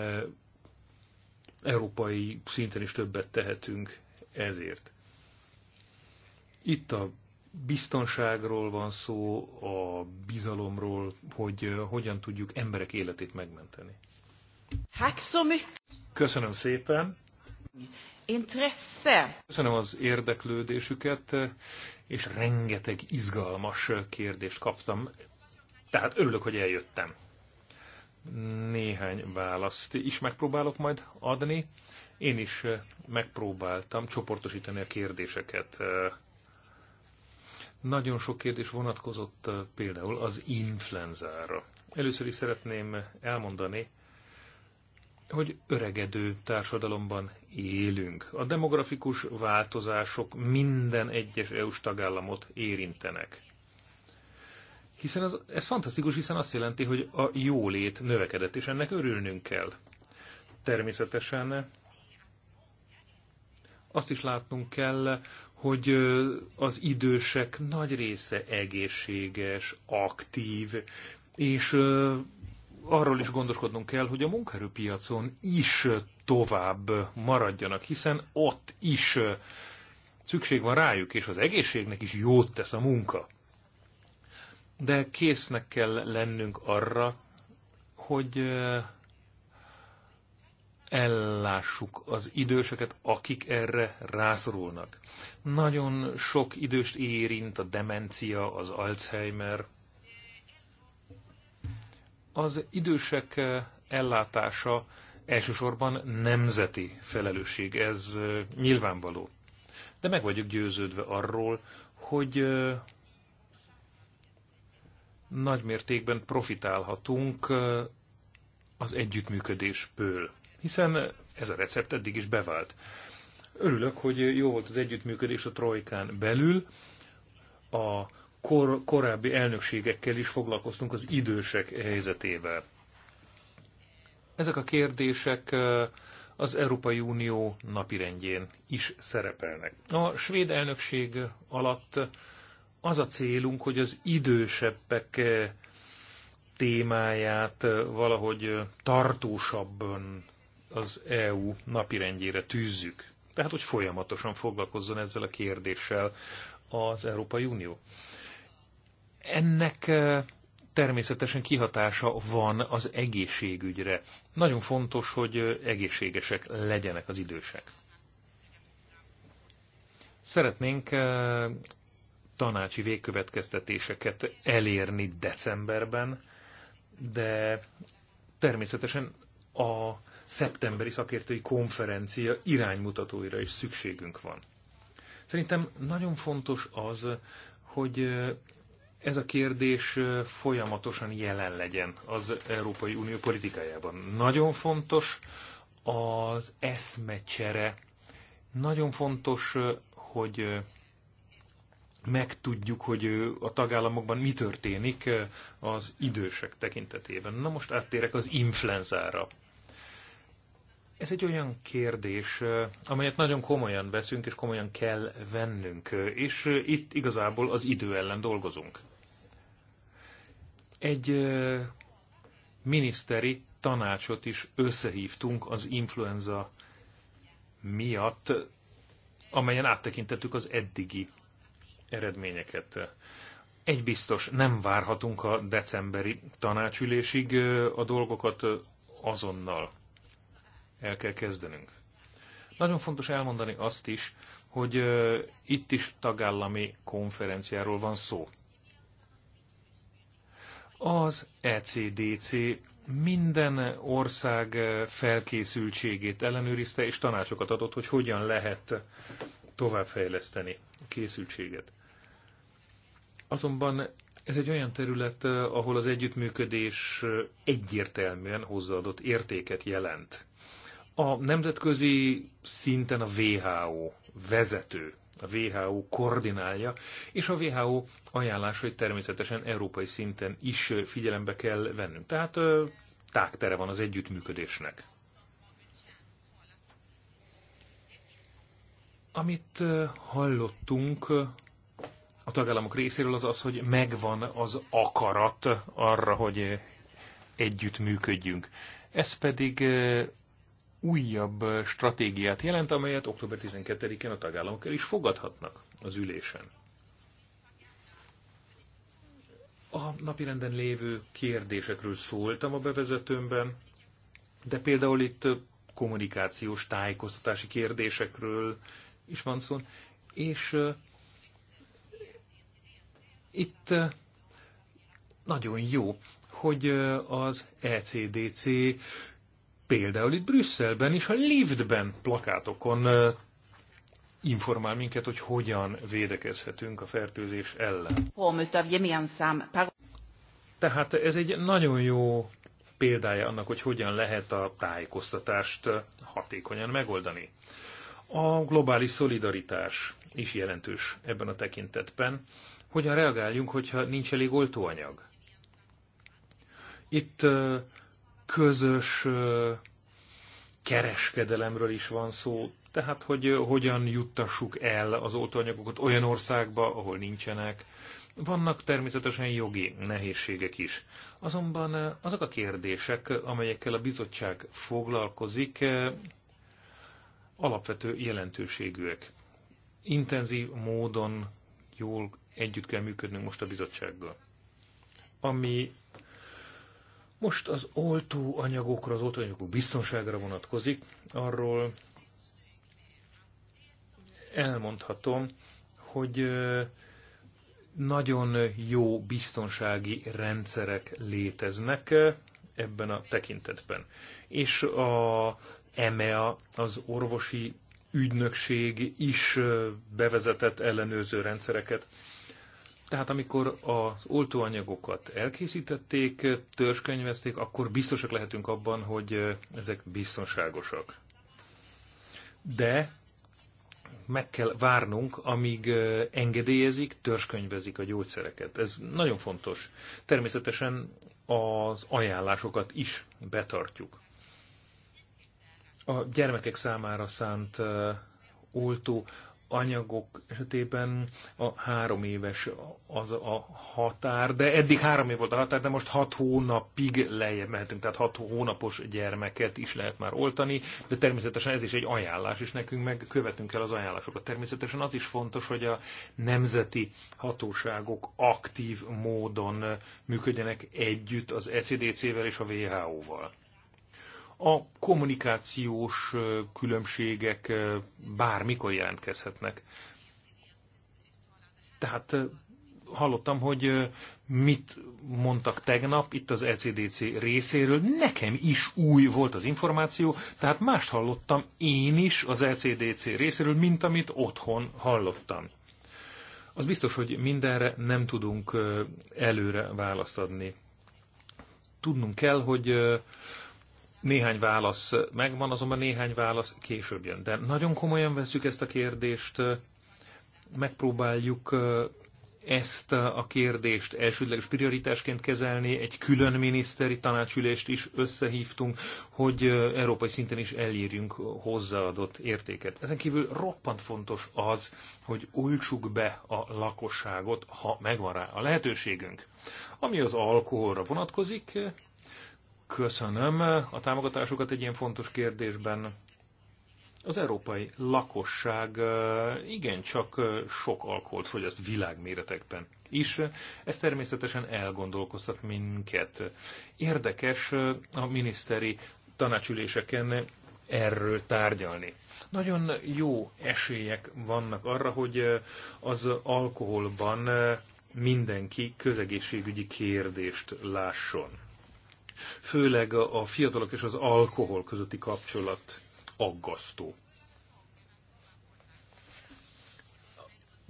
európai szinten is többet tehetünk ezért. Itt a biztonságról van szó, a bizalomról, hogy hogyan tudjuk emberek életét megmenteni. Köszönöm szépen! Interesse. Köszönöm az érdeklődésüket, és rengeteg izgalmas kérdést kaptam. Tehát örülök, hogy eljöttem. Néhány választ is megpróbálok majd adni. Én is megpróbáltam csoportosítani a kérdéseket. Nagyon sok kérdés vonatkozott eh, például az influenzára. Először is szeretném elmondani, hogy öregedő társadalomban élünk. A demografikus változások minden egyes EU-s tagállamot érintenek. Hiszen ez, ez fantasztikus, hiszen azt jelenti, hogy a jólét növekedett, és ennek örülnünk kell. Természetesen azt is látnunk kell, hogy az idősek nagy része egészséges, aktív, és arról is gondoskodnunk kell, hogy a munkaerőpiacon is tovább maradjanak, hiszen ott is szükség van rájuk, és az egészségnek is jót tesz a munka. De késznek kell lennünk arra, hogy ellássuk az időseket, akik erre rászorulnak. Nagyon sok időst érint a demencia, az Alzheimer. Az idősek ellátása elsősorban nemzeti felelősség, ez nyilvánvaló. De meg vagyok győződve arról, hogy nagy mértékben profitálhatunk az együttműködésből hiszen ez a recept eddig is bevált. Örülök, hogy jó volt az együttműködés a Trojkán belül. A kor, korábbi elnökségekkel is foglalkoztunk az idősek helyzetével. Ezek a kérdések az Európai Unió napirendjén is szerepelnek. A svéd elnökség alatt az a célunk, hogy az idősebbek témáját valahogy tartósabban az EU napirendjére tűzzük. Tehát, hogy folyamatosan foglalkozzon ezzel a kérdéssel az Európai Unió. Ennek eh, természetesen kihatása van az egészségügyre. Nagyon fontos, hogy eh, egészségesek legyenek az idősek. Szeretnénk eh, tanácsi végkövetkeztetéseket elérni decemberben, de természetesen a szeptemberi szakértői konferencia iránymutatóira is szükségünk van. Szerintem nagyon fontos az, hogy eh, ez a kérdés eh, folyamatosan jelen legyen az Európai Unió politikájában. Nagyon fontos az eszmecsere, nagyon fontos, eh, hogy megtudjuk, hogy a tagállamokban mi történik az idősek tekintetében. Na most áttérek az influenzára. Ez egy olyan kérdés, amelyet nagyon komolyan veszünk, és komolyan kell vennünk, és itt igazából az idő ellen dolgozunk. Egy miniszteri tanácsot is összehívtunk az influenza miatt, amelyen áttekintettük az eddigi eredményeket. Egy biztos, nem várhatunk a decemberi tanácsülésig a dolgokat azonnal el kell kezdenünk. Nagyon fontos elmondani azt is, hogy uh, itt is tagállami konferenciáról van szó. Az ECDC minden ország felkészültségét ellenőrizte, és tanácsokat adott, hogy hogyan lehet továbbfejleszteni a készültséget. Azonban ez egy olyan terület, ahol az együttműködés egyértelműen hozzáadott értéket jelent. A nemzetközi szinten a WHO vezető, a WHO koordinálja, és a WHO ajánlásait természetesen európai szinten is figyelembe kell vennünk. Tehát tágtere van az együttműködésnek. Amit hallottunk a tagállamok részéről az az, hogy megvan az akarat arra, hogy együttműködjünk. Ez pedig újabb stratégiát jelent, amelyet október 12-én a tagállamok el is fogadhatnak az ülésen. A napirenden lévő kérdésekről szóltam a bevezetőmben, de például itt kommunikációs, tájékoztatási kérdésekről is van szó, és uh, itt uh, nagyon jó, hogy az ECDC például itt Brüsszelben is a liftben plakátokon informál minket, hogy hogyan védekezhetünk a fertőzés ellen. Tehát ez egy nagyon jó példája annak, hogy hogyan lehet a tájékoztatást hatékonyan megoldani. A globális szolidaritás is jelentős ebben a tekintetben. Hogyan reagáljunk, hogyha nincs elég oltóanyag? Itt közös kereskedelemről is van szó, tehát hogy hogyan juttassuk el az oltóanyagokat olyan országba, ahol nincsenek. Vannak természetesen jogi nehézségek is. Azonban azok a kérdések, amelyekkel a bizottság foglalkozik, alapvető jelentőségűek. Intenzív módon jól együtt kell működnünk most a bizottsággal. Ami most az oltóanyagokra, az oltóanyagok biztonságra vonatkozik, arról elmondhatom, hogy nagyon jó biztonsági rendszerek léteznek ebben a tekintetben. És a EMEA, az orvosi ügynökség is bevezetett ellenőrző rendszereket. Tehát amikor az oltóanyagokat elkészítették, törzskönyvezték, akkor biztosak lehetünk abban, hogy ezek biztonságosak. De meg kell várnunk, amíg engedélyezik, törzskönyvezik a gyógyszereket. Ez nagyon fontos. Természetesen az ajánlásokat is betartjuk. A gyermekek számára szánt oltó anyagok esetében a három éves az a határ, de eddig három év volt a határ, de most hat hónapig lejjebb mehetünk, tehát hat hónapos gyermeket is lehet már oltani, de természetesen ez is egy ajánlás, és nekünk meg követünk el az ajánlásokat. Természetesen az is fontos, hogy a nemzeti hatóságok aktív módon működjenek együtt az ECDC-vel és a WHO-val a kommunikációs különbségek bármikor jelentkezhetnek. Tehát hallottam, hogy mit mondtak tegnap itt az ECDC részéről. Nekem is új volt az információ, tehát mást hallottam én is az ECDC részéről, mint amit otthon hallottam. Az biztos, hogy mindenre nem tudunk előre választ adni. Tudnunk kell, hogy néhány válasz megvan, azonban néhány válasz később jön. De nagyon komolyan veszük ezt a kérdést, megpróbáljuk eh, ezt a kérdést elsődleges prioritásként kezelni, egy külön miniszteri tanácsülést is összehívtunk, hogy eh, európai szinten is elírjunk hozzáadott értéket. Ezen kívül roppant fontos az, hogy olcsuk be a lakosságot, ha megvan rá a lehetőségünk. Ami az alkoholra vonatkozik, Köszönöm a támogatásokat egy ilyen fontos kérdésben. Az európai lakosság igencsak sok alkoholt fogyaszt világméretekben is. Ez természetesen elgondolkoztat minket. Érdekes a miniszteri tanácsüléseken erről tárgyalni. Nagyon jó esélyek vannak arra, hogy az alkoholban mindenki közegészségügyi kérdést lásson főleg a fiatalok és az alkohol közötti kapcsolat aggasztó.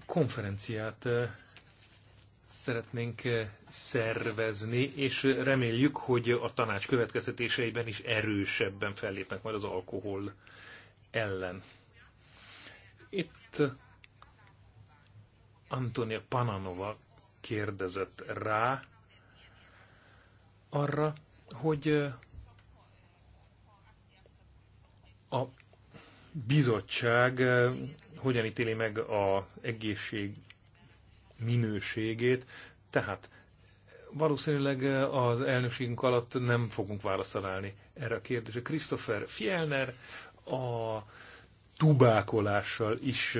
Konferenciát eh, szeretnénk eh, szervezni, és reméljük, hogy a tanács következtetéseiben is erősebben fellépnek majd az alkohol ellen. Itt Antonia Pananova kérdezett rá arra, hogy a bizottság hogyan ítéli meg a egészség minőségét, tehát valószínűleg az elnökségünk alatt nem fogunk választ találni erre a kérdésre. Christopher Fielner a tubákolással is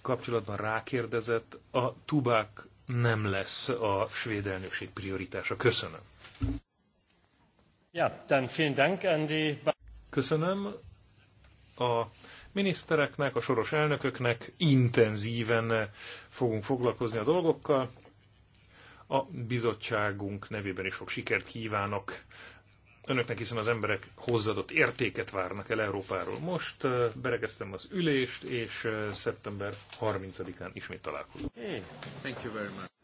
kapcsolatban rákérdezett, a tubák nem lesz a svéd elnökség prioritása. Köszönöm. Köszönöm a minisztereknek, a soros elnököknek, intenzíven fogunk foglalkozni a dolgokkal. A bizottságunk nevében is sok sikert kívánok önöknek, hiszen az emberek hozzáadott értéket várnak el Európáról. Most berekeztem az ülést, és szeptember 30-án ismét találkozunk. Hey. Thank you very much.